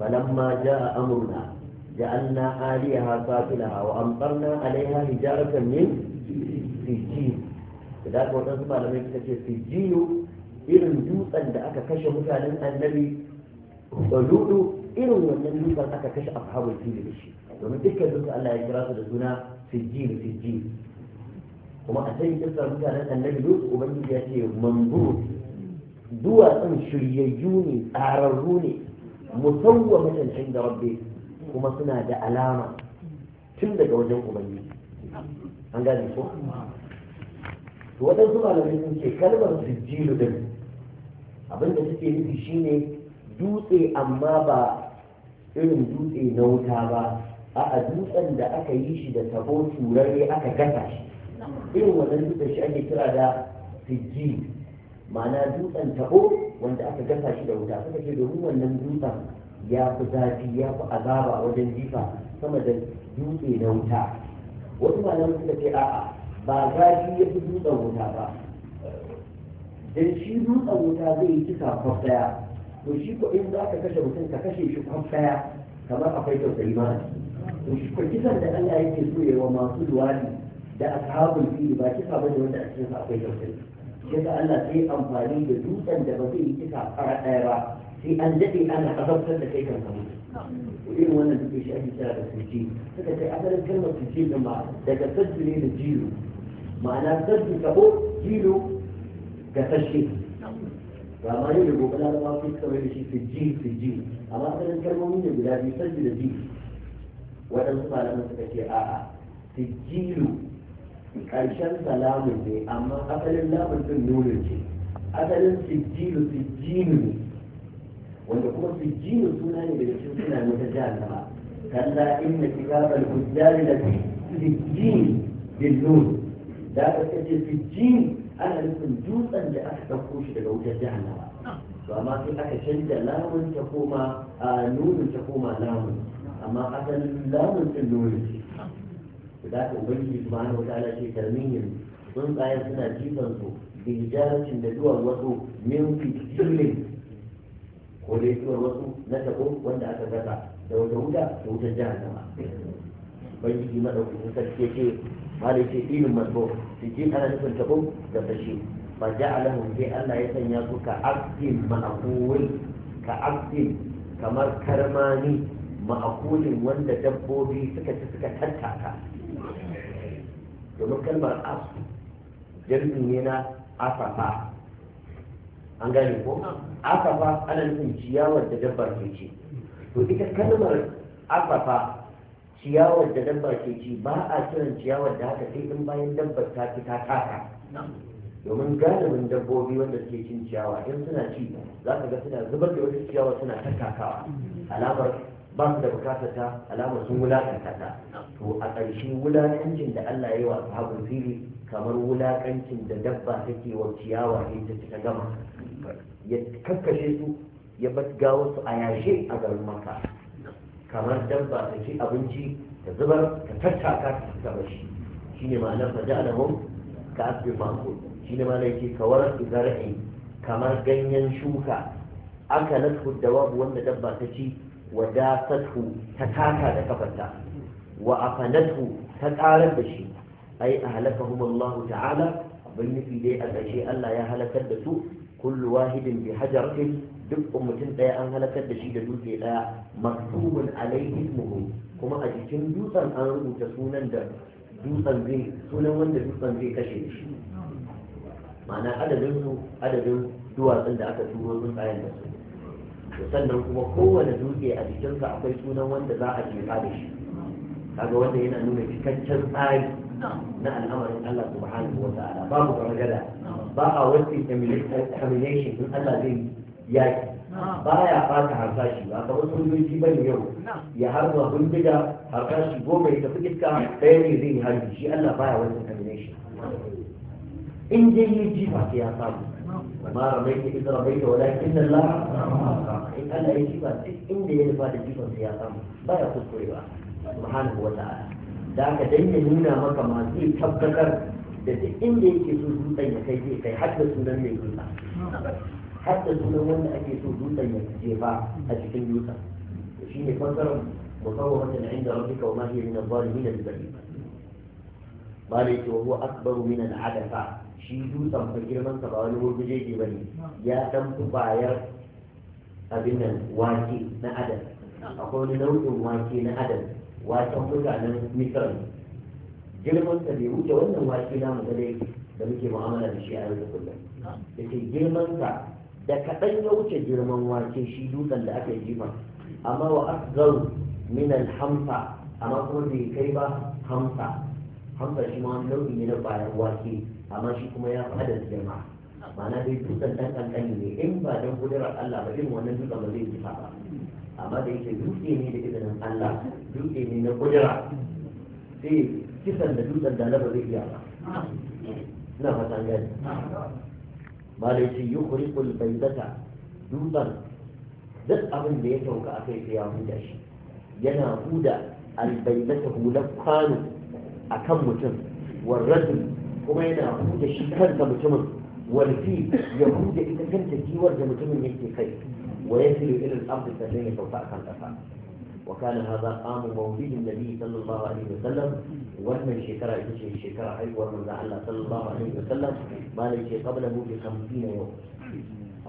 falamma jaa amruna ja'alna aliyaha safilaha wa amtarna alaiha hijaratan min sijjin da ka wadansu malamai suka ce sijjiyu irin dutsen da aka kashe mutanen annabi lutu irin wannan dutsen aka kashe ashabul fili da shi domin dukkan dutse Allah ya kira su da suna sijjin sijjin kuma a cikin kissar mutanen annabi lut ubangiji ya ce mamburu duwatsun shiryayyu ne tsararru ne mutuncin da rabbi kuma suna da alama tun daga wajen umarni an gane ko to waɗansu malamai sun ce kalmar su Jiru din abinda suke nufi shine dutse amma ba irin dutse na wuta ba a dutsen da aka yi shi da tabo turare aka gasa shi irin wannan dutse shi ake kira da sijjilu ma'ana dutsen taɓo wanda aka gasa shi da wuta suka ce domin wannan dutsen ya fi zafi ya fi azaba wajen jifa sama da dutse na wuta wasu malamai suka ce a'a ba zafi ya fi dutsen wuta ba dan shi dutsen wuta zai yi kisa kwaf daya to shi ko in za ka kashe mutum ka kashe shi kwaf daya kamar akwai tausayi imani to shi ko kisan da Allah yake so ya wa masu luwadi da ashabul fili ba kisa bane wanda a cikin akwai tausayi yasa Allah sai amfani da dutsen da ba zai yi kisa fara ɗaya ba sai an daɗe ana azabtar da kai kanka irin wannan duk shi ake kira da suci suka ce asalin kalmar suci da ma daga saddu ne da jilo ma'ana saddu tabo jilo ga sashe ba ma yau da gobe na zama su kamar da shi suci suci amma asalin kalmomi ne guda biyu saddu da jilo waɗansu malaman suka ce a'a sujilu ƙarshen salamun ne amma asalin lamun din nunin ce asalin sijjinu sijjinu ne wanda kuma sijjinu suna ne daga cikin suna wata jahannama kalla inna kitabal hujjari la fi sijjin bil nun da aka ce sijjin ana nufin dutsen da aka ɗauko shi daga wutar jihar jahannama to amma sai aka canja lamun ta koma nunin ta koma lamun amma asalin lamun din nunin ce da ka ubangiji subhanahu wata ala ce sun tsaye suna jifan su bijarcin da duwar wasu min fitilin ko dai duwar wasu na tabo wanda aka gasa da wata wuta da wutar jahannama ubangiji madaukakin sarki ce da ce ilin su ji ana nufin tabo da fashe a ja'alahum sai Allah ya sanya su ka abdin ma'qul ka abdin kamar karmani ma'qulin wanda dabbobi suka ci suka tattaka domin kalmar as jirgi ne na asafa an gane ko asafa ana nufin ciyawar da dabbar ke ci to ita kalmar asafa ciyawar da dabbar ke ci ba a kiran ciyawar da haka sai in bayan dabbar ta ci ta kasa domin galibin dabbobi wanda suke cin ciyawa in suna ci za ka ga suna zubar da wata ciyawa suna tattakawa alamar ba su da bukatar ta alamar sun wulakanta ta to a ƙarshe wulakancin da Allah ya yi wa ashabul fili kamar wulakancin da dabba take wa ciyawa ne ta gama ya kakkashe su ya bar gawo su a yashe a garin maka kamar dabba ta ci abinci ta zubar ta tattaka ta bashi shi shine ma'anar fajalahum ka mako shi shine ma'anar ke kawar zara'i kamar ganyen shuka aka nasu dawabu wanda dabba ta ci wa ta taka da kafarta wa afalathu ta karar da shi ai a ahlakahum Allah ta'ala abin nufi dai a ƙarshe Allah ya halakar da su kullu wahidin bi hajaratin duk mutum ɗaya an halakar da shi da dutse daya maktumun alaihi ismuhu kuma a jikin dutsen an rubuta sunan da dutsen zai sunan wanda dutsen zai kashe shi ma'ana adadin su duwatsun da aka turo tsuntsayen da su sannan kuma kowane dutse a jikinsa akwai sunan wanda za a jefa da shi kaga wanda yana nuna cikakken tsari na al'amarin Allah subhanahu wa ta'ala babu gargada ba a wasu termination in Allah zai yaki ba ya fata harsashi ba kamar sojoji bane yau ya harba bindiga harsashi goma ya tafi iska ɗaya ne zai harbi shi Allah baya wasu termination in dai jifa ya samu ما رميت إذ رميت ولكن الله إن ألا يجيبا إن دي يلفا تجيبا سياسا با يقول قريبا سبحانه وتعالى ذاك دين نونا مكا ما زي تبتكر da duk inda yake so dutsen ya kai kai har da sunan mai dutsen har da sunan wanda ake so dutsen ya jefa a cikin dutsen shi Shin fassarar musawwamatin inda rabbika wa ma hiya min ba da yake wahu akbaru min al'adafa shi dutsen fa girman sa ba wani gurguje ba ne ya dan fi bayar abin nan wake na adam akwai wani nau'in wake na adam waken mutanen misra ne girman sa bai wuce wannan wake na mu dai da muke mu'amala da shi a yau da kullum yake girman sa da kaɗan ya wuce girman wake shi dutsen da aka yi jima amma wa asgaru minan hamsa amma kuma bai kai ba hamsa fanga shi ma wani nau'i ne na ƙwayar wake amma shi kuma ya fada girma ma'ana dai dutsen ɗan ƙanƙani ne in ba don kudurar Allah ba irin wannan dutsen ba zai fita ba amma da yake dutse ne da izinin Allah dutse ne na kudura sai kisan da dutsen da ba zai iya ba ina fata gani malai shi yi kurikul bai zata dutsen duk abin da ya sauka a kai ya huda shi yana huda albaidata hular kwano a kan mutum warradu kuma yana huda shi kansa mutumin walfi ya huda ita kanta kiwar da mutumin yake kai wa ya filo irin abin da ya sauka a kan ƙasa wa kana haza qamu mawlidin nabi sallallahu alaihi sallam wannan shekara ita ce shekara haihuwar manzon Allah sallallahu alaihi sallam malai ce qabla mu bi 50 yau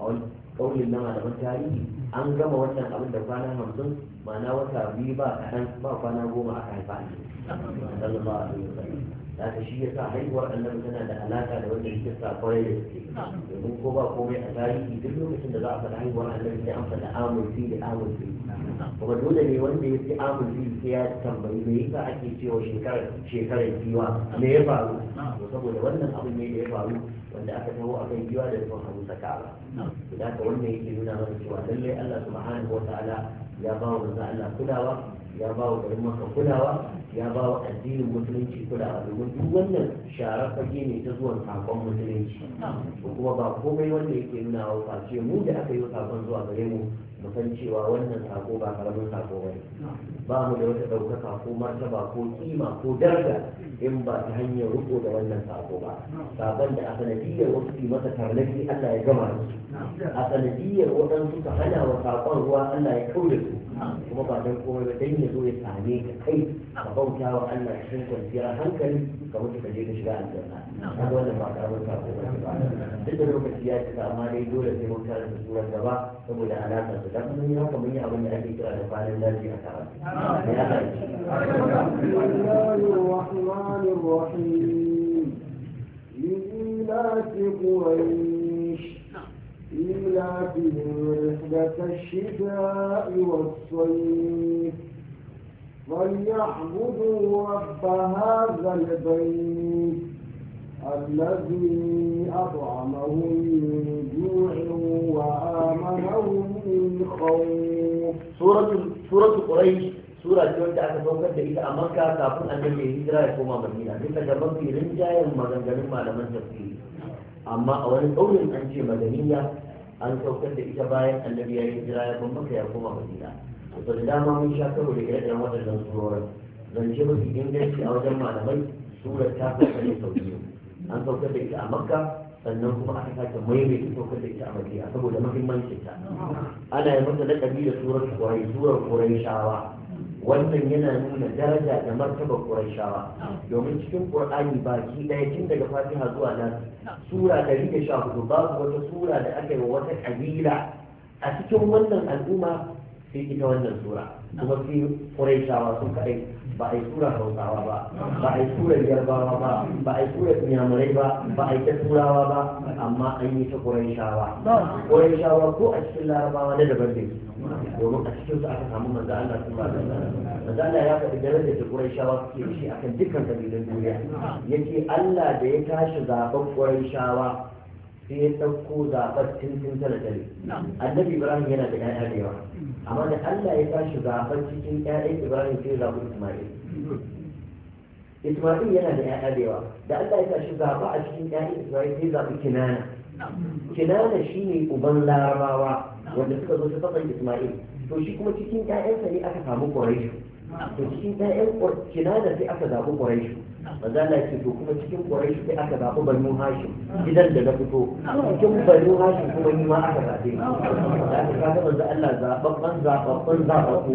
a wani kaulin na malaman tarihi an gama wannan abin da kwana hamsin ma'ana wata biyu ba kaɗan ba kwana goma a haifa ne sallallahu alaihi wasallam da shi yasa haihuwar annabi tana da alaƙa da wanda yake sa kwarai da suke domin ko ba komai a tarihi duk lokacin da za a faɗa haihuwar annabi sai an faɗa amurfi da amurfi kuma dole ne wanda ya fi amurfi sai ya tambayi me yasa ake cewa shekarar shekarar giwa me ya faru saboda wannan abin ne da ya faru wanda aka taho akan giwa da zuwa hamu saka ba da wannan yake nuna mana cewa lallai Allah subhanahu wa ta'ala ya ba wa manzo Allah kulawa ya ba wa garin maka kulawa ya ba wa addinin musulunci a domin duk wannan sharar fage ne ta zuwan sakon musulunci Ba kuma ba komai wanda yake nuna wa face mu da aka yi sakon zuwa gare mu mu san cewa wannan sako ba karamin sako bane ba mu da wata ɗaukaka ko martaba ko kima ko daraja in ba ta hanyar riko da wannan sako ba sakon da a sanadiyar wasu yi masa tarnaki Allah ya gama su a sanadiyar waɗansu ka hana wa sakon ruwa Allah ya da su kuma ba don komai ba dan ya zo ya same ka kai bauta wa Allah cikin kwanciyar hankali ka mutu ka je ka shiga aljanna na wannan ba karamin sako ba ba duk da lokaci ya cika amma dai dole sai mun karanta surar gaba saboda alaƙar su dan mun yi haka mun yi abin da ake kira da kwanan daji a kara ya ka ci لإيلاف قريش إيلافهم رحلة الشتاء والصيف فليعبدوا رب هذا البيت الذي أطعمهم من جوع وآمنهم من خوف سورة سورة قريش sura ce wacce aka saukar da ita a makka kafin annabi ya hijira ya koma madina duk da mafi rinjayen malaman tafsiri amma a wani ƙauyen an ce madaniya an saukar da ita bayan annabi ya hijira ya koma ya koma madina to da dama mun sha karo da ire-iren Zan surorin zance mafi inganci a wajen malamai surar ta fara ne sau biyu an saukar da ita a makka sannan kuma aka sake maimaita saukar da ita a madina saboda muhimmancin ta ana yi masa laƙabi da surar kurai surar kurai shawa wannan yana nuna daraja da martaba shawa. domin cikin Qur'ani baki daya tun daga Fatiha zuwa nan sura 114 babu wata sura da aka yi wa wata kabila a cikin wannan al'umma sai ita wannan sura kuma sai shawa sun kaɗai ba a yi sura hausawa ba ba a yi sura yarbawa ba ba a yi sura inyamurai ba ba a yi ta turawa ba amma an yi ta kurai shawa kurai shawa ko a cikin larabawa na daban ne domin a cikin su aka samu manzo Allah sun ba manzo Allah ya faɗi darajar da shawa suke da shi akan dukkan kabilan duniya yake Allah da ya tashi zaɓen shawa. sai ya ɗauko zaɓar cikin sanadari annabi ibrahim yana da ƴaƴa da yawa mm. amma da allah ya tashi zaɓar cikin ƴaƴan ibrahim sai ya zaɓi ismail mm. ismail yana da ƴaƴa da yawa da allah ya tashi zaɓa a cikin ƴaƴan ismail sai ya zaɓi kinana kinana ne uban larabawa wanda suka zo su fasan ismail to shi kuma cikin ƴaƴansa ne aka samu kwarai. to cikin ƴaƴan kinana sai aka zaɓi ƙuraishu maza na ce to kuma cikin ƙuraishu sai aka zaɓi banu hashim gidan da na fito cikin banu hashim kuma ni ma aka zaɓe da aka kaga manzo Allah zaɓaɓɓan zaɓaɓɓan zaɓaɓɓu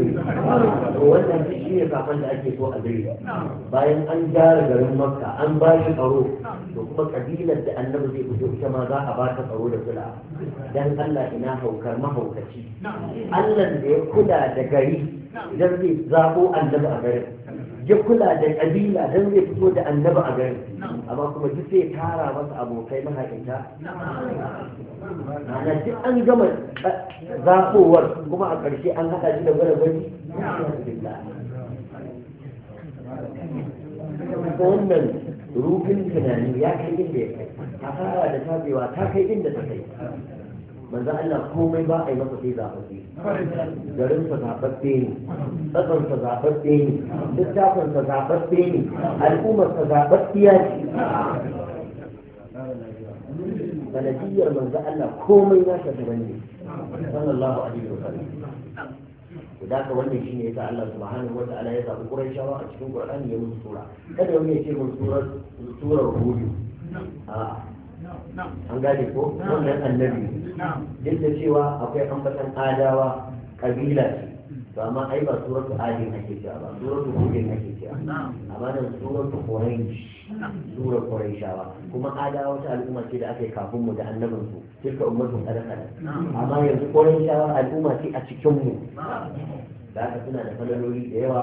to wannan duk shi ne kafin da ake so a gari bayan an gyara garin makka an ba shi tsaro to kuma kabilar da annabi zai fito ita ma za a ba ta tsaro da kula dan Allah ina haukar mahaukaci Allah da ya kula da gari dan zai zabo annabi a garin ya kula da kabila dan zai fito da annabi a garin amma kuma duk zai tara masa abokai mahaifinta na duk an gama zabowar kuma a ƙarshe an haɗa shi da gwada-gwani wannan rufin tunani ya kai inda ya kai ta fara da tabewa ta kai inda ta kai manzo Allah komai ba a yi masa sai zaɓaɓɓe garinsa sa zaɓaɓɓe ne tsakan sa zaɓaɓɓe ne littafinsa sa zaɓaɓɓe ne al'ummar sa zaɓaɓɓiya ce sanadiyar manzo Allah komai na shi daban ne sallallahu alaihi wa sallam da ka wannan shine yasa Allah subhanahu wa ta'ala ya zaɓi shawa a cikin Qur'ani ya musu sura kada wani ya ce mun surar surar hudu a'a an gane ko wannan annabi duk da cewa akwai ambatan adawa kabila ce to amma ai ba suratu adin ake cewa ba suratu hudin ake cewa amma nan suratu quraish surar quraishawa kuma adawa wata al'umma ce da aka yi kafin mu da annabin su tilka ummatun kada kada amma yanzu quraishawa al'umma ce a cikin mu da aka suna da falaloli da yawa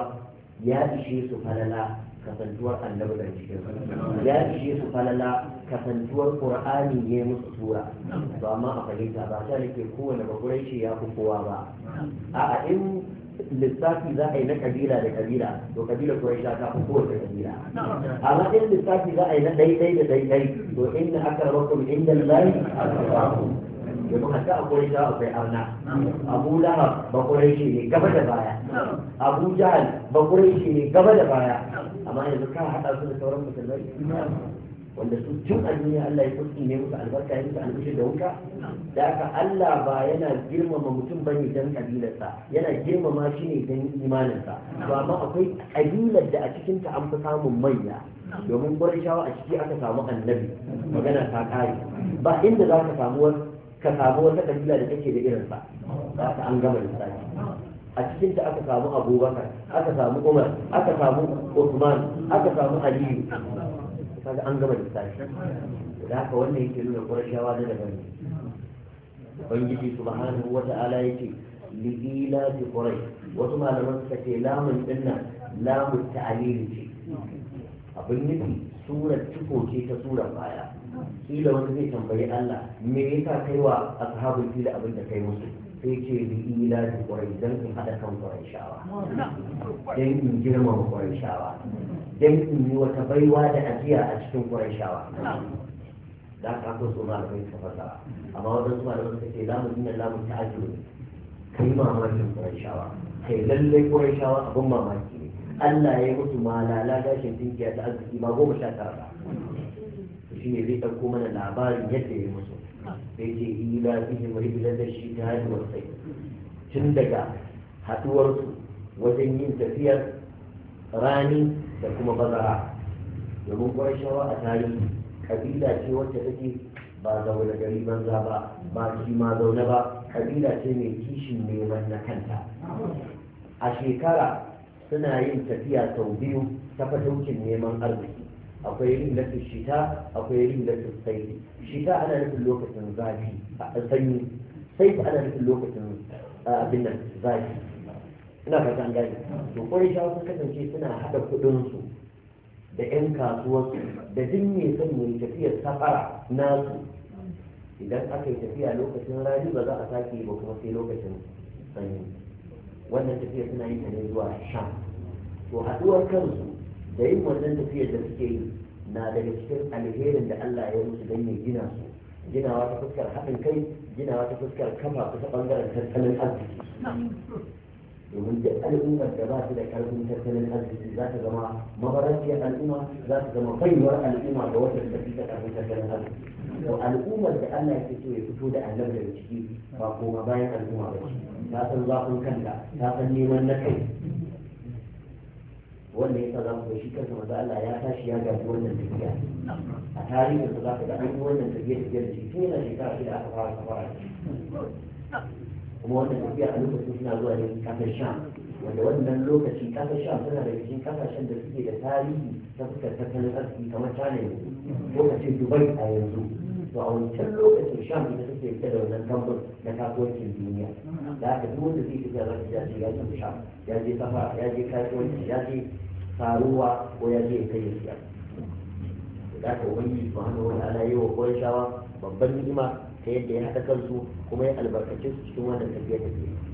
ya ishe su falala kasantuwar annabi da cikin ya ishe su falala kasantuwar qur'ani ne musu tura ba ma a fahimta ba ta nake ke kowane bakurai shi ya fi kowa ba a in lissafi za a yi na kabila da kabila to kabila quraisha ta fi kowace kabila amma in lissafi za a yi na dai da dai to inna akramakum inda lillahi akramakum domin hatta a ƙorisha akwai arna abu lahab bakwai shi ne gaba da baya abu jahal ba ƙorishe ne gaba da baya amma yanzu ka haɗa su da sauran musulmai wanda su cin a Allah ya kuɗi ne musu albarka ya musu albishir da wuta da haka Allah ba yana girmama mutum ba ne don kabilarsa yana girmama shi ne don imaninsa to amma akwai kabilar da a cikin ta an fi samun manya domin shawa a ciki aka samu annabi magana ta kare ba inda za ka samu wata kabila da take da irinsa za ka an gama lissafi a cikin ta aka samu abubakar aka samu umar aka samu usman aka samu aliyu kaga an gama lissafi da haka wannan yake nuna ƙurashawa na daban ne ubangiji subhanahu wa ta'ala yake li ila fi quraish wasu malaman suka ce lamun dinna lamun ta'alili ce abin nufi surar ciko ce ta surar baya kila wani zai tambayi Allah me yasa kai wa ashabul fil abin da kai musu sai ce da ila da kwarai don in haɗa kan kwarai shawa don in girma kwarai shawa don in yi wata baiwa da ajiya a cikin kwarai shawa da aka so su malamai ta fasa amma wadansu malamai suka ce lamun inna lamun ta ajiye kai mamakin kwarai shawa kai lallai kwarai shawa abin mamaki ne Allah ya mutu musu malala gashin dinkiya da arziki ba goma sha tara ba shi ne zai ɗauko mana labarin yadda ya yi musu ke ce ila fihim da shi shitani wa sai tun daga haduwar su wajen yin tafiyar rani da kuma bazara domin shawa a tarihi kabila ce wacce take ba zaune gari banza ba ba shi ma zaune ba kabila ce mai kishin neman na kanta a shekara suna yin tafiya sau biyu ta fataucin neman arziki akwai rimlatu shita akwai rimlatu sai shita ana nufin lokacin zafi a sanyi sai ba ana nufin lokacin abin nan zafi ina fata an gane to kwarai shawo sun kasance suna haɗa kuɗinsu da 'yan kasuwarsu da duk mai son mai tafiyar safara nasu idan aka yi tafiya lokacin rani ba za a sake ba kuma sai lokacin sanyi wannan tafiya suna yin ta ne zuwa sha to haɗuwar kansu da yin wannan tafiyar da suke yi na daga cikin alherin da Allah ya musu don ya gina su ginawa ta fuskar haɗin kai ginawa ta fuskar kama su ta ɓangaren tattalin arziki domin da al'ummar da ba su da karfin tattalin arziki za ta zama mabarantiyar al'umma za ta zama baiwar al'umma ga wata da ta karfin tattalin arziki to al'ummar da Allah ya so ya fito da annabi daga ciki ba koma bayan al'umma ba ce ta san zafin kanta ta san neman na kai wanda ya za ku shi kansa maza Allah ya tashi ya gaji wannan tafiya a tarihin da za ka ga an wannan tafiya tafiya da shi tun yana shekara shida aka fara safara kuma wannan tafiya a lokacin suna zuwa ne kafin sham wanda wannan lokaci kasar sham suna da cikin kasashen da suke da tarihi ta fuskar tattalin arziki kamar china ko ka dubai a yanzu to a wancan lokacin sham ita suke fita da wannan tambun na kasuwancin duniya da aka duk wanda zai fita zai ya ce ya je sham ya je safa ya je kasuwanci ya je saruwa ko ya je kai ya da haka ubangiji hannu wani ta'ala yi wa kowai shawa babban ni'ima ta yadda ya haɗa kansu kuma ya albarkaci su cikin wannan tafiya ke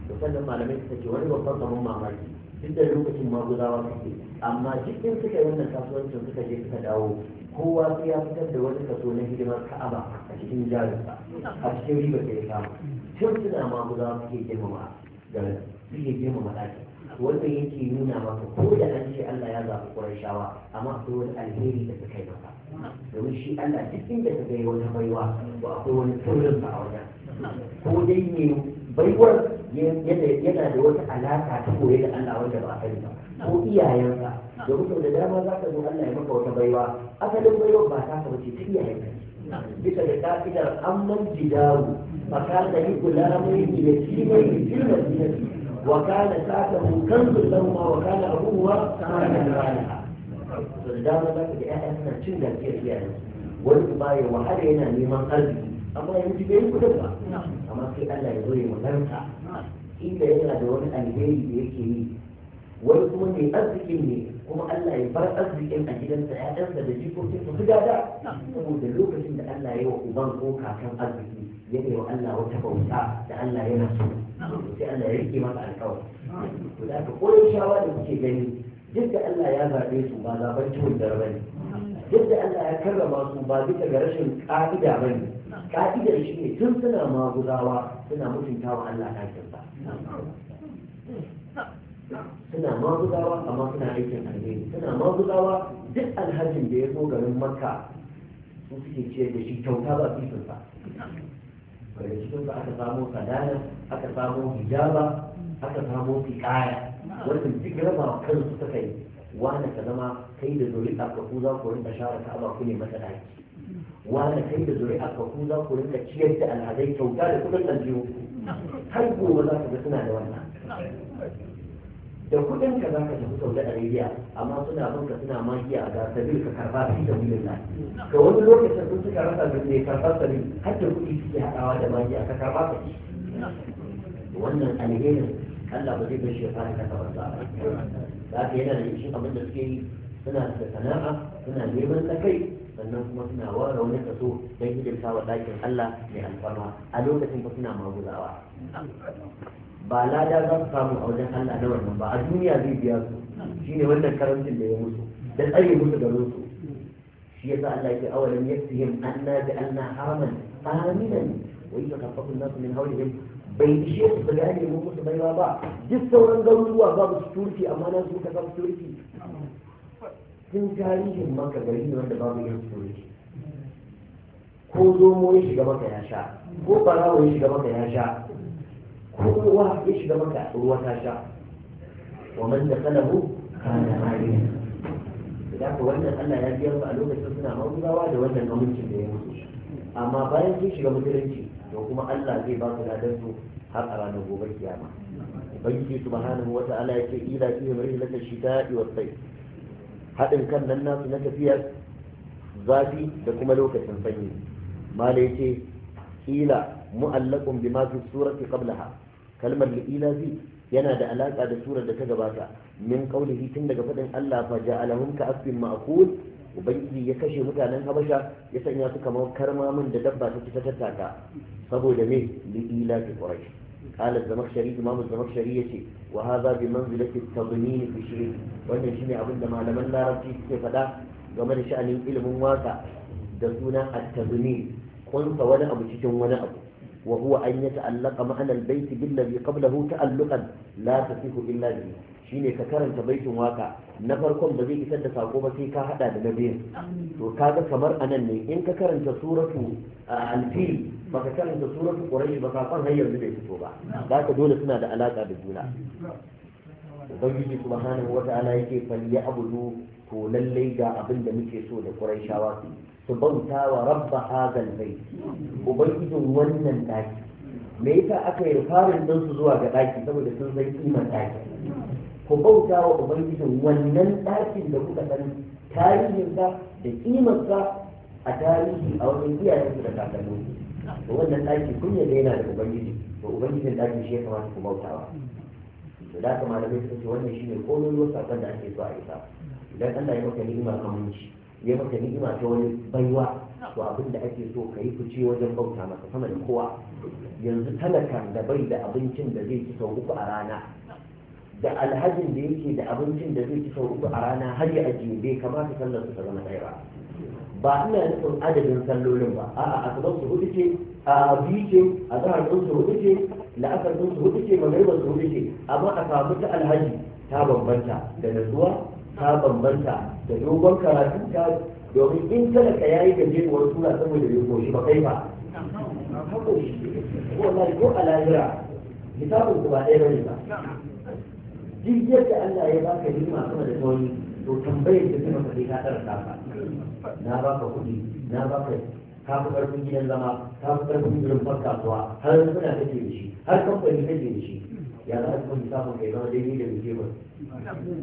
to sannan malamai suka ce wani babban kamar mamaki duk da lokacin maguzawa suke amma cikin suka yi wannan kasuwancin suka je suka dawo kowa sai ya fitar da wani kaso na hidimar ka'aba a cikin jarinsa a cikin riba da ya samu tun suna ma guda suke girmama garin suke girmama ɗakin wanda yake nuna maka ko da an ce Allah ya zaɓi Qurayshawa amma akwai wani alheri da suka yi maka domin shi Allah duk inda ka ga wata baiwa to akwai wani sirrin ba a wajen ko dai ne baiwar yana da wata alaka ta koyi da Allah wanda ba a sani ba ko iyayenka domin sau da dama za ka zo Allah ya maka wata baiwa asalin baiwa ba ta ka bace ta iyayenka bisa da ka'idar amman jidaru fa kana yi gulamai ila kimai fil madinati wa kana sakahu da lahuma wa kana ta da rana da dama za ka ga ƴaƴan suna cin lafiyar iyayen wani kuma ya wahala yana neman arziki amma ya mutu bai kudin ba amma sai Allah ya zo ya magarta inda yana da wani alheri da yake yi wani kuma mai arzikin ne kuma Allah ya bar arzikin a gidansa ya ɗansa da jikokin su su gada saboda lokacin da Allah ya wa uban ko kakan arziki ya ne wa Allah wata bauta da Allah ya so sai Allah ya rike masa alkawari to da ka koyar shawa da kuke gani duk da Allah ya zaɓe su ba zaɓar ciwon dare ba ne duk da Allah ya karrama su ba bisa ga rashin ƙa'ida ba ne ka'idar shi ne tun suna maguzawa suna mutunta wa Allah ɗakin ba suna magudawa amma suna aikin alheri suna magudawa duk alhajin da ya zo garin makka su suke ciyar da shi kyauta ba fitin sa daga cikin aka samo sadana aka samo hijaba aka samo fikaya wanda duk raba kansu suka yi wanda ka zama kai da zuri a ku za ku rinka share ba ku ne masa daki wanda kai da zuri a ku za ku rinka ciyar da alhazai kyauta da kudin aljihu har gobe za ka ga suna da wannan da kudin ka zaka tafi Saudi Arabia amma suna bin ka suna magiya a ga ka karba fi sabilillah ga wani lokacin sun suka rasa da ne karba sabil har da kudi suke hadawa da magiya ka karba ka ci wannan alherin Allah ba zai bar shi ya fara kasa ba za ka yana da shi abin da suke yi suna da sana'a suna neman sakai sannan kuma suna ware wani kaso don hidimta wa ɗakin Allah mai alfarma a lokacin ba suna maguzawa ba lada za su samu a wajen Allah na wannan ba a duniya zai biya su Shi ne wannan karancin da ya mutu. da tsare musu da su shi ya sa Allah yake awalan yasihim anna bi anna haraman aminan wa yi yatakaffafu an-nas min hawlihim bai ishe su su gane mu musu baiwa ba duk sauran garuruwa su turki amma nan su kasa turki. sun tarihin maka gari ne wanda babu yin security ko zomo ya shiga maka ya sha ko barawo ya shiga maka ya sha kowa ya shiga maka ruwa ta sha wa man da kalahu kana amin da ka wannan Allah ya biyar su a lokacin suna magudawa da wannan amincin da ya mutu amma bayan sun shiga musulunci to kuma Allah zai ba su ladan su har a ranar gobe kiyama ubangiji subhanahu wata'ala ya ce ila fi rijlata shita'i wa sayf hadin kan nan nasu na tafiyar zafi da kuma lokacin sanyi mala yace ila mu'allaqun bima fi surati qablaha kalmar li'ilafi yana da alaka da surar da ta gabata min qaulihi tun daga faɗin Allah fa ja'alahum ka asfin ma'kul ubangiji ya kashe mutanen habasha ya sanya su kamar karmamin da dabba ta fita tattaka saboda me li'ilafi quraish قال الزمخشري إمام الزمخشري يتي وهذا بمنزلة التضمين في الشريك وأن شيني أبن ما لمن لا ربتي كفدا game da sha'anin ilimin waka da suna at-tazmin kun wani abu cikin wani abu وهو أن يتعلق معنى البيت بالذي قبله تعلقا لا تصح إلا به shine ka karanta baitin waka na farkon ba zai isar da sako ba sai ka hada da na biyan to kaga kamar anan ne in ka karanta suratu alfil ba ka karanta suratu quraish ba kafin har yanzu bai fito ba zaka dole suna da alaka da juna ubangiji subhanahu wata'ala yake fal ya abudu to lallai ga abin da muke so da quraishawa su su bauta wa rabba hazal bai ubangijin wannan daki me yasa aka yi farin don su zuwa ga daki saboda sun san kimar daki ku bauta wa ubangijin wannan dakin da kuka san tarihinsa da sa a tarihi a wajen su da kakanni to wannan daki kun yadda yana da ubangiji to ubangijin daki shi ya kamata ku bautawa to da haka malamai sun ce wannan shine komai wasu sakon da ake so a isa idan Allah ya maka ni'imar aminci ya maka ni'ima ta wani baiwa to abin da ake so ka yi fice wajen bauta masa sama da kowa yanzu talaka da bai da abincin da zai ci sau uku a rana da alhajin da yake da abincin da zai ci sau uku a rana har ya ajiye bai kamata sallar su ta zama ɗaya ba ba ina nufin adadin sallolin ba a'a asubar su hudu ce a biyu ce a zahar su hudu ce la'asar su hudu ce magaribar su hudu ce amma a samu ta alhaji ta bambanta da natsuwa ta bambanta da dogon karatu ta domin in talaka ya yi gajeruwar sura saboda bai koshi ba kai ba ka koshi wallahi ko a lahira hisabin ku ba ɗaya bane ba duk yadda Allah ya baka hikima sama da sauri to tambayar da kuma kai ka tsara ta na baka kuɗi na baka ka fi ƙarfin gidan zama ka fi ƙarfin gidan kasuwa har suna kake da shi har kamfani kake da shi ya za a kuma hisabin kai zama daidai da mutum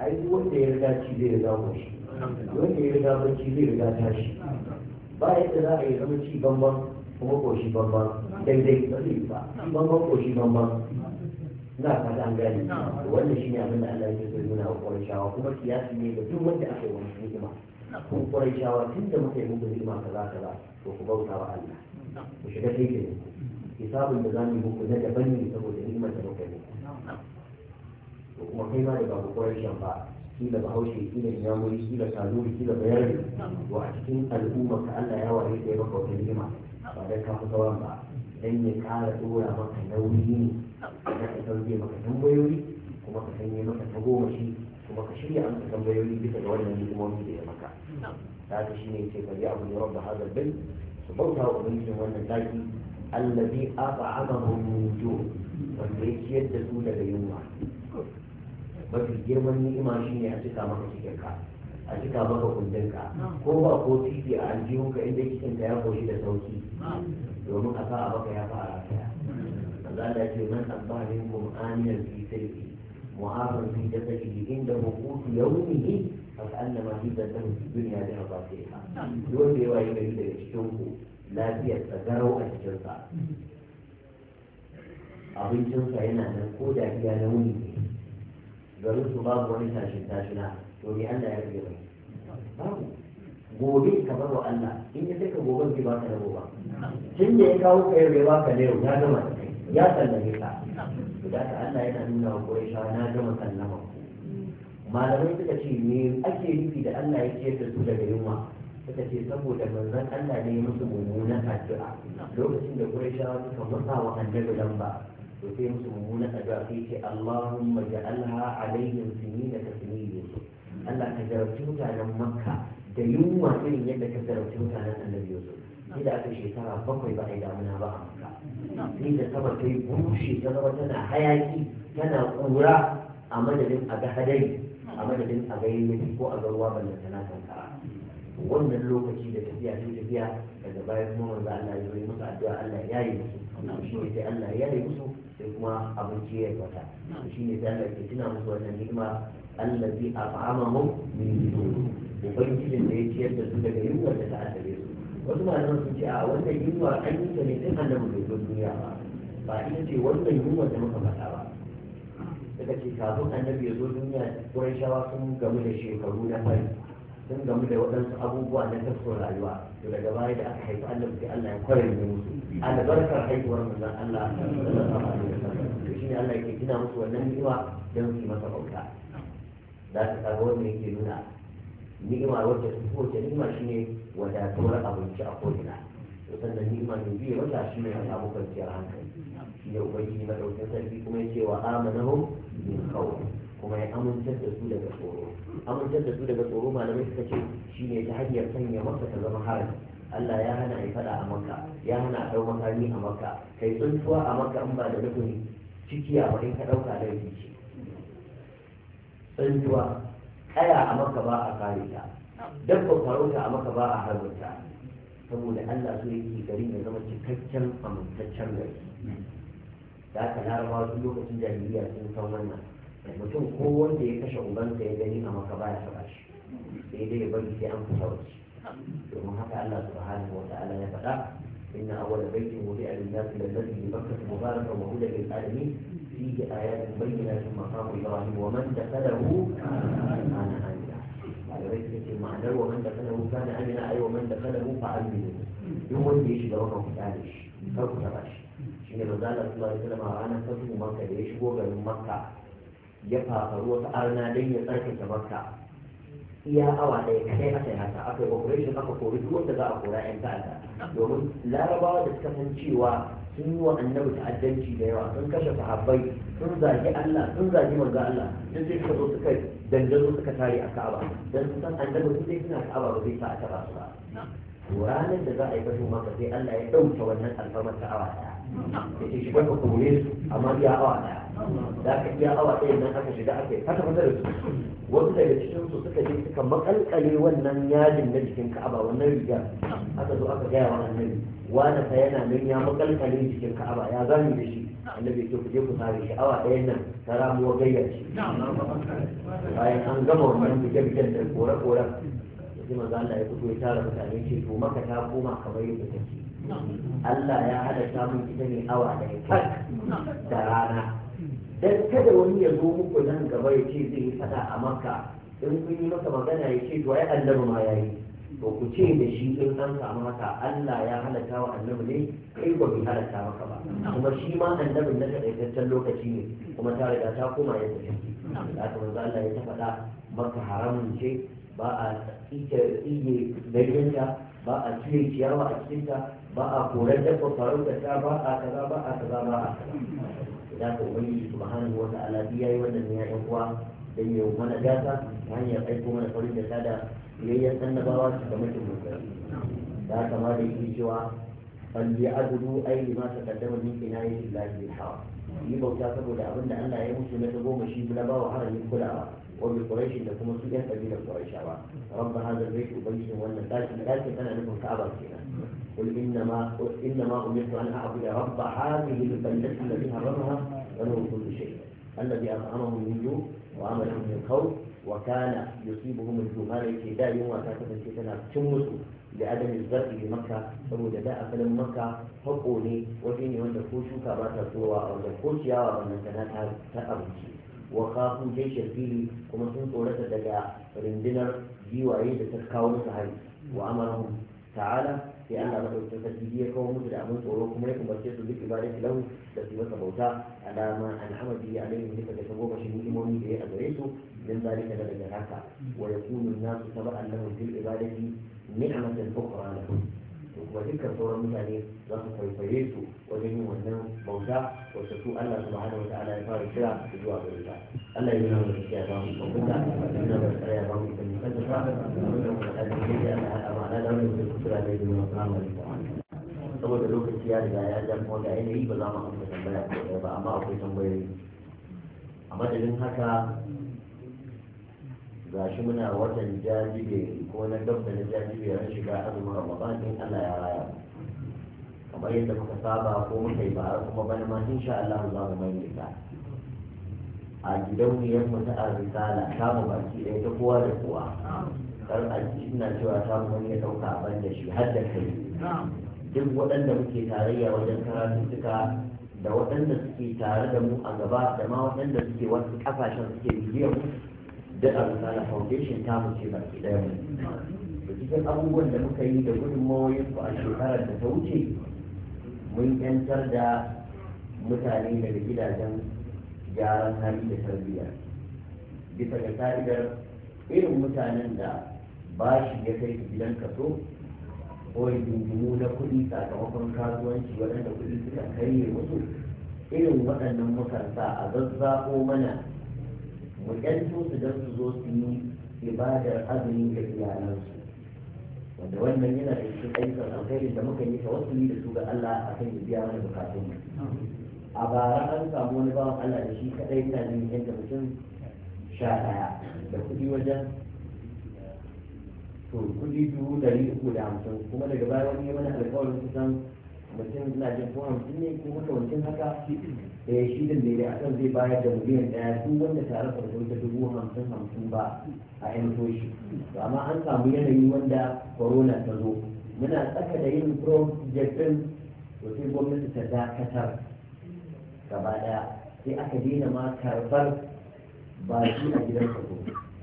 ai wanda ya riga ci zai riga goshi wanda ya riga bacci zai riga tashi ba yadda za a yi zama ci bambam kuma goshi bambam daidai ba zai ba bambam goshi bambam na fata an gani wannan shine abin da Allah ya ce nuna wa Qurayshawa kuma kiyasi ne ga duk wanda aka yi wani ni'ima kun Qurayshawa tun da muka yi muku ni'ima kaza kaza to ku bauta wa Allah ku shiga kai ne, hisabin da za mu zamu muku na daban ne saboda ni'imar da muka yi to kuma kai ma da ba kwarai ba kila bahaushe kila inyamuri kila kanuri kila bayani to a cikin al'umma ka Allah ya ware kai maka wata ni'ima ba dai ka fita ba dan ya kara dora maka nauyi ne da ka sauke maka tambayoyi kuma ka sanye maka tagomashi kuma ka shirya amsa tambayoyi bisa ga wannan ni'imomi da ya maka ne ce yace bari abu ne rabba hadal bai su bauta wa ubangijin wannan daki allazi at'amahum min ju' wanda ya ciyar da su daga yunwa mafi girman ni'ima shi ne a cika maka cikinka a cika maka kundinka ko ba ko titi a aljihunka inda cikinka ya koshi da sauki domin a sa'a maka ya fara daya za a dace man tsabbalin kuma aniyar fi sarfi muhafar fi da sarfi inda hukutu ya wuni ne a ta'anna ma fi zartar duniya da ba sai ka yiwuwa da yawa yi gari daga cikin ku lafiyar tsagarau a cikinsa abincinsa yana nan ko da ya na wuni ne garin su babu wani tashin tashina to ni Allah ya rage ba. babu gobe ka bar wa Allah in ya saka gobe ki baka rabo ba tun da ya kawo kai mai baka da yau ya gama ya sallame ka da ka Allah yana nuna wa Quraisha na gama sallama malamai suka ce me ake nufi da Allah ya ce da su daga yunwa suka ce saboda manzon Allah ne ya musu mummunan addu'a lokacin da Quraisha suka mutawa wa annabi lamba to sai musu mummuna addu'a sai ce Allahumma ja'alha alaihim sinina ka sinin Yusuf Allah ka jarabci mutanen Makka da yunwa irin yadda ka jarabci mutanen Annabi Yusuf sai aka shekara bakwai ba a yi damuna ba a Makka sai da sama ta yi bushe ta zama tana hayaki tana kura a madadin a a madadin a ga yi ko a ga ruwa ballantana wannan lokaci da tafiya ta tafiya daga baya kuma manzo Allah ya yi musu addu'a Allah ya yi musu shi ne sai Allah ya yi musu sai kuma abinci ya kwata shi ne zai Allah ke tuna musu wannan ni'ima allazi mu min juu ubangijin da ya ciyar da su daga yunwar da ta addabe su wasu malaman sun ce a wannan yunwa an yi ta ne tun annabi bai zo duniya ba ba ita ce wannan yunwa da muka faɗa ba daga ce kafin annabi ya zo duniya ƙurai shawa sun gamu da shekaru na fari Tun gamu da waɗansu abubuwa na tafiyar rayuwa to daga baya da aka haifi Allah sai Allah ya kware ne musu albarkar haihuwar manzon Allah sallallahu alaihi wasallam to shine Allah yake gina musu wannan ni'ima don su masa bauta da ta kaga wannan yake nuna ni'ima wacce ta kowace ni'ima shine wadatuwar abinci a ko'ina to sannan ni'ima ne biye wanda shi ne a samu kwanciyar hankali shi ne ubangiji madaukin sarki kuma ya ce wa amanahum min khawf kuma ya amintar da su daga tsoro amintar da su daga tsoro malamai suka ce shi ne ta hanyar sanya maka ta zama hari Allah ya hana a faɗa a maka ya hana a ɗau makami a maka kai tsuntuwa a maka in ba da nufin ciki a wani ka ɗauka yake ce tsuntuwa kaya a maka ba a kare ta dabba farauta a maka ba a harbata saboda Allah so yake garin ya zama cikakken amintaccen gari da aka larabawa duk lokacin jahiliya sun san wannan mutum ko wanda ya kashe ubansa ya gani a maka baya faɗa shi sai dai ya bari sai an fita waje domin haka Allah subhanahu wa ta'ala ya faɗa inna awwala baitin wudi'a lin-nasi lalladhi bi Makkah mubarakan wa hudan lil-alamin fihi ayatun bayyinatun maqamu Ibrahim wa man dakhalahu kana amina malamai suka ce ma'anar wa man dakhalahu kana amina ai wa man dakhalahu fa aminu duk wanda ya shiga wannan kuɗa ne shi kar ku taɓa shi shine manzo Allah sallallahu alaihi wasallam a ranar fatu Makka da ya shigo garin Makka ya fafaru wata arna don ya tsarkake makka iya awa ɗaya kadai a yi haka aka yi operation aka kori duk wanda za a kora yan ta'adda domin larabawa da suka san cewa sun yi wa annabi ta'addanci da yawa sun kashe sahabbai sun zagi Allah sun zagi manzo Allah duk sai suka zo suka dandazo suka tare a Ka'aba dan sun san annabi sun dai suna Ka'aba ba zai sa taba su ba ranar da za a yi fashin maka sai Allah ya ɗauke wannan alfamar ta ɗaya ya ce shi ka kore su amma iya awa ɗaya da aka iya awa ɗaya nan aka shiga aka yi haka fata da su wasu daga cikin su suka je suka makalkale wannan yajin na jikin ka'aba wannan riga aka zo aka gaya wa annabi wani fa yana nan ya makalkale jikin ka'aba ya zami da shi annabi ke kuje ku sare shi awa ɗaya nan ta ramuwa gayyar shi bayan an gama wannan bige-bigen da kore-kore sai manzo Allah ya fito ya tara mutane ce to maka ta koma kamar yadda take Allah ya hada samun ita ne awa ɗaya tak da rana dan kada wani ya zo muku nan gaba ya ce zai yi fada a maka in kun yi masa magana ya ce to ai annabi ma ya yi to ku ce da shi in an samu haka Allah ya halaka wa annabi ne kai ba bai halaka maka ba kuma shi ma annabin na kadaitaccen lokaci ne kuma ta riga ta koma yadda take da aka manzo Allah ya ta faɗa maka haramun ce ba a tsiye daidaita ba a cire ciyawa a cikinta ba a korar dabba farautar ta ba a kaza ba a kaza ba a kaza ya ka ubangiji subhanahu wata ta'ala ya yi wannan ne ya da uwa dan yau mana hanyar aiko mana farin da sada biyayyen annabawa su ga mutum mutum da haka ma da yake cewa falli abudu ai lima ta kaddama min kinayati lillahi hawa yi bauta saboda abin da Allah ya mutu na ta goma shi na bawa haramin kulawa ko bi quraish da kuma su yan kabilar quraishawa rabba hadha albayt ubangijin wannan dakin dakin ana nufin ka'aba kenan قل انما قل انما امرت ان اعبد رب هذه البلده التي حرمها وله كل شيء الذي اطعمه من جوع وامنه من خوف وكان يصيبهم الجمال ابتداء يوم ثلاثه الفتن تمسوا لعدم الزرع بمكه فوجداء فلم مكه حقوني وديني وانت خوشوا كبات الصوى او الخوش يا رب انك لا تابكي وخافوا جيش الفيل وما كنت ولدت دجا فلندنر جيوعي لتكاوي صحيح وامرهم تعالى sai Allah madaukakin sarki ya kawo musu da abin tsoro kuma ya umarce su duk ibadati lahu da su masa bauta alama al'amar bi alaihi duka da goma shi ni'imomi da ya a gare su dan zalika daga haka wa yakunu nasu tabi'an lahum fil ibadati ni'matan ukhra lahum wa dukkan sauran mutane za su kwaikwaye su wajen yin wannan bauta wacce su Allah subhanahu wata ta'ala ya fara kira zuwa gare ta Allah ya nuna mu gaskiya ba mu bauta nan, nuna mu tsaya ba mu da mu kanta ba mu da mu da mu da Allah a amana da mu da kira da mu assalamu alaikum saboda lokaci ya riga ya jan kuma ga yanayi ba za mu amsa tambaya ko ba amma akwai tambayoyi a madadin haka ga shi muna watan jajibe ko na dabba na jajibe na shiga azumin ramadan in allah ya raya kamar yadda muka saba ko muka yi bara kuma bana ma insha allah za mu mai ta a gidauniyar mu ta arzikala ta mu baki ɗaya ta kowa da kowa kar a ina cewa ta mu wani ya ɗauka a ban da shi har da kai duk waɗanda muke tarayya wajen suka, da waɗanda suke tare da mu a gaba da ma waɗanda suke wasu ƙasashen suke bibiyar mu daɗa misali foundation ta muke ba baki ɗaya mu da cikin abubuwan da muka yi da gudunmawoyin ku a shekarar da ta wuce mun yantar da mutane daga gidajen gyaran hali da tarbiyya bisa ga ka'idar irin mutanen da bashi ya kai su gidan kaso ko dindimu na kuɗi sakamakon kasuwanci waɗanda kuɗi suka karye musu irin waɗannan mukan a zazzako mana mu wajen su don su zo su yi ibadar azumi da iyalansu wanda wannan yana da shi ayyukan alkhairi da muka yi tawassuli da su ga Allah a kan ya biya mana bukatun mu a bara an samu wani bawan Allah da shi kadai ta ne yanda mutum sha ɗaya da kuɗi wajen to kuɗi dubu dari uku da hamsin kuma daga baya wani ya mana alkawarin kusan mutum ina jin ko hamsin ne ko mutum haka eh shi din da akan zai bayar da miliyan ɗaya duk wanda tare da ta dubu hamsin hamsin ba a yan toshi to amma an samu yanayi wanda korona ta zo muna tsaka da yin project din to sai gwamnati ta dakatar gaba ɗaya sai aka daina ma karbar ba shi a gidan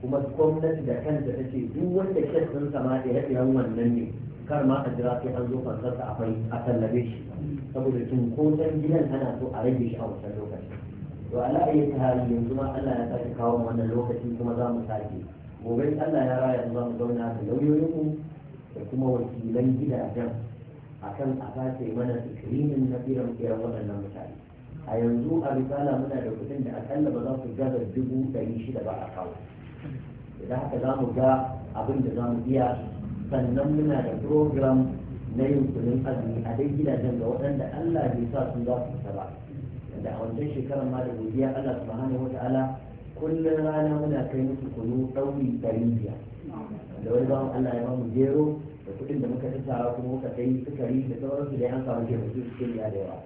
kuma gwamnati da kanta ta ce duk wanda kes ɗinsa ma da ya wannan ne kar ma a jira sai an zo fansarsa a fai a tallabe shi saboda cunkoson gidan ana so a rage shi a wancan lokaci to ala ayi ta hali yanzu ma Allah ya sake kawo wannan lokaci kuma za mu sake gobe Allah ya raya za mu zauna da lauyoyinmu da kuma wakilan gidajen akan a sace mana sikirinin na waɗannan mutane a yanzu a risala muna da kuɗin da akalla ba za su gaza dubu ɗari shida ba a kawo idan haka za mu ga abin da za mu iya sannan muna da program na yin kunun azumi a dai gidajen ga waɗanda Allah bai sa sun za su fita ba da a wancan shekarar ma da godiya Allah subhanahu wa ta'ala kullum rana muna kai musu kunu ɗauri ɗari biyar da wani bawan Allah ya bamu gero da kuɗin da muka tattara kuma muka kai sukari da sauransu da an samu gero su suke da yawa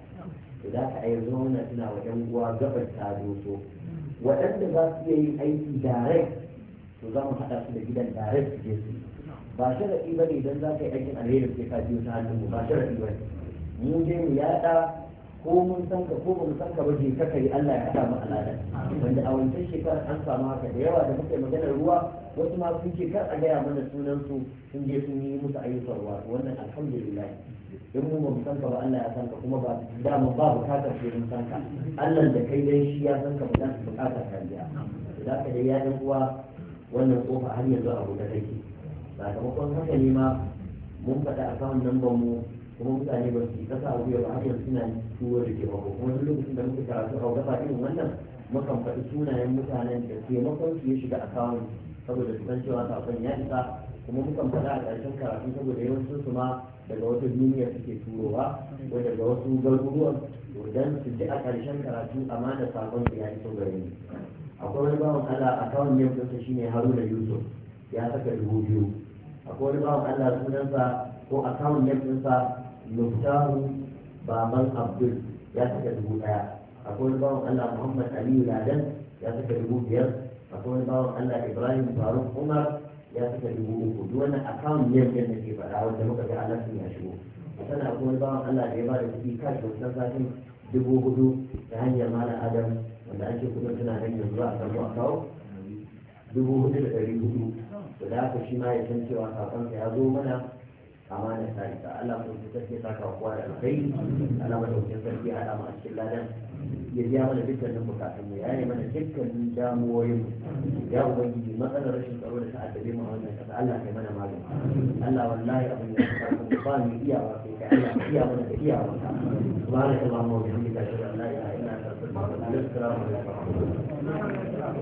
to za ka ayyar zuwa muna tuna wa ɗan uwa gabar ta so waɗanda za su iya yin aiki direct to za mu haɗa su da gidan direct su je su ba sharaɗi ba ne idan za ka yi aikin alheri ke ka biyo ta hannun ba sharaɗi ba ne mu je mu yaɗa ko mun san ka ko ba mu san ka ba je ka kai Allah ya haɗa mu aladan wanda a wancan shekarar an samu haka da yawa da muke maganar ruwa wasu ma sun ce kar a gaya mana sunan su sun je sun yi musu ayyukan ruwa wannan alhamdulillah in mu ba mu san ka ba Allah ya san ka kuma ba dama ba bukatar sai mun san ka Allah da kai dai shi ya san ka ba za ka bukatar ka biya da ka dai ya uwa wannan kofa har yanzu a buɗe take sakamakon haka ne ma mun faɗa a kawun nan mu kuma mutane ba su kasa a wuya ba har yanzu suna tuwo da ke bako kuma duk lokacin da muka karatu a gaba irin wannan mukan faɗi sunayen mutanen da makon su ya shiga a saboda su san cewa sakon ya isa kuma mukan faɗa a ƙarshen karatu saboda yawancin su ma daga wata duniya suke turowa ko daga wasu garuruwan don su ji a ƙarshen karatu amma da sakon su ya iso gare ni akwai wani bawan ala a kawun yau ɗinsa shine haruna yusuf ya saka dubu biyu akwai wani bawan Allah sunansa ko account name ɗinsa Muftahu Baban Abdul ya saka dubu ɗaya akwai wani bawan Allah Muhammad Aliyu Ladan ya saka dubu biyar akwai wani bawan Allah Ibrahim Faruk Umar ya saka dubu uku duk wannan account name ɗin da ke faɗa wanda muka ga alaƙin ya shigo sannan akwai wani bawan Allah da ya ba da kuɗi kashi wasan satin dubu hudu ta hanyar malam Adam wanda ake kuma tana nan yanzu a samu a kawo dubu hudu da ɗari hudu to da haka shi ma ya san cewa sakonsa ya zo mana amana ta isa Allah mu ta take saka kowa da alkhairi Allah mu ta sarki hada mu a cikin ladan ya biya mana dukkanin bukatun mu ya yi mana dukkanin damuwoyin mu ya ubangiji matsalar rashin tsaro da ta addabe mu a wannan kasa Allah kai mana magana. Allah wallahi abin da ka mu ba mu iyawa sai ka Allah iya mana da iyawa subhanaka allahumma wa bihamdika ashhadu an la ilaha illa anta astaghfiruka wa atubu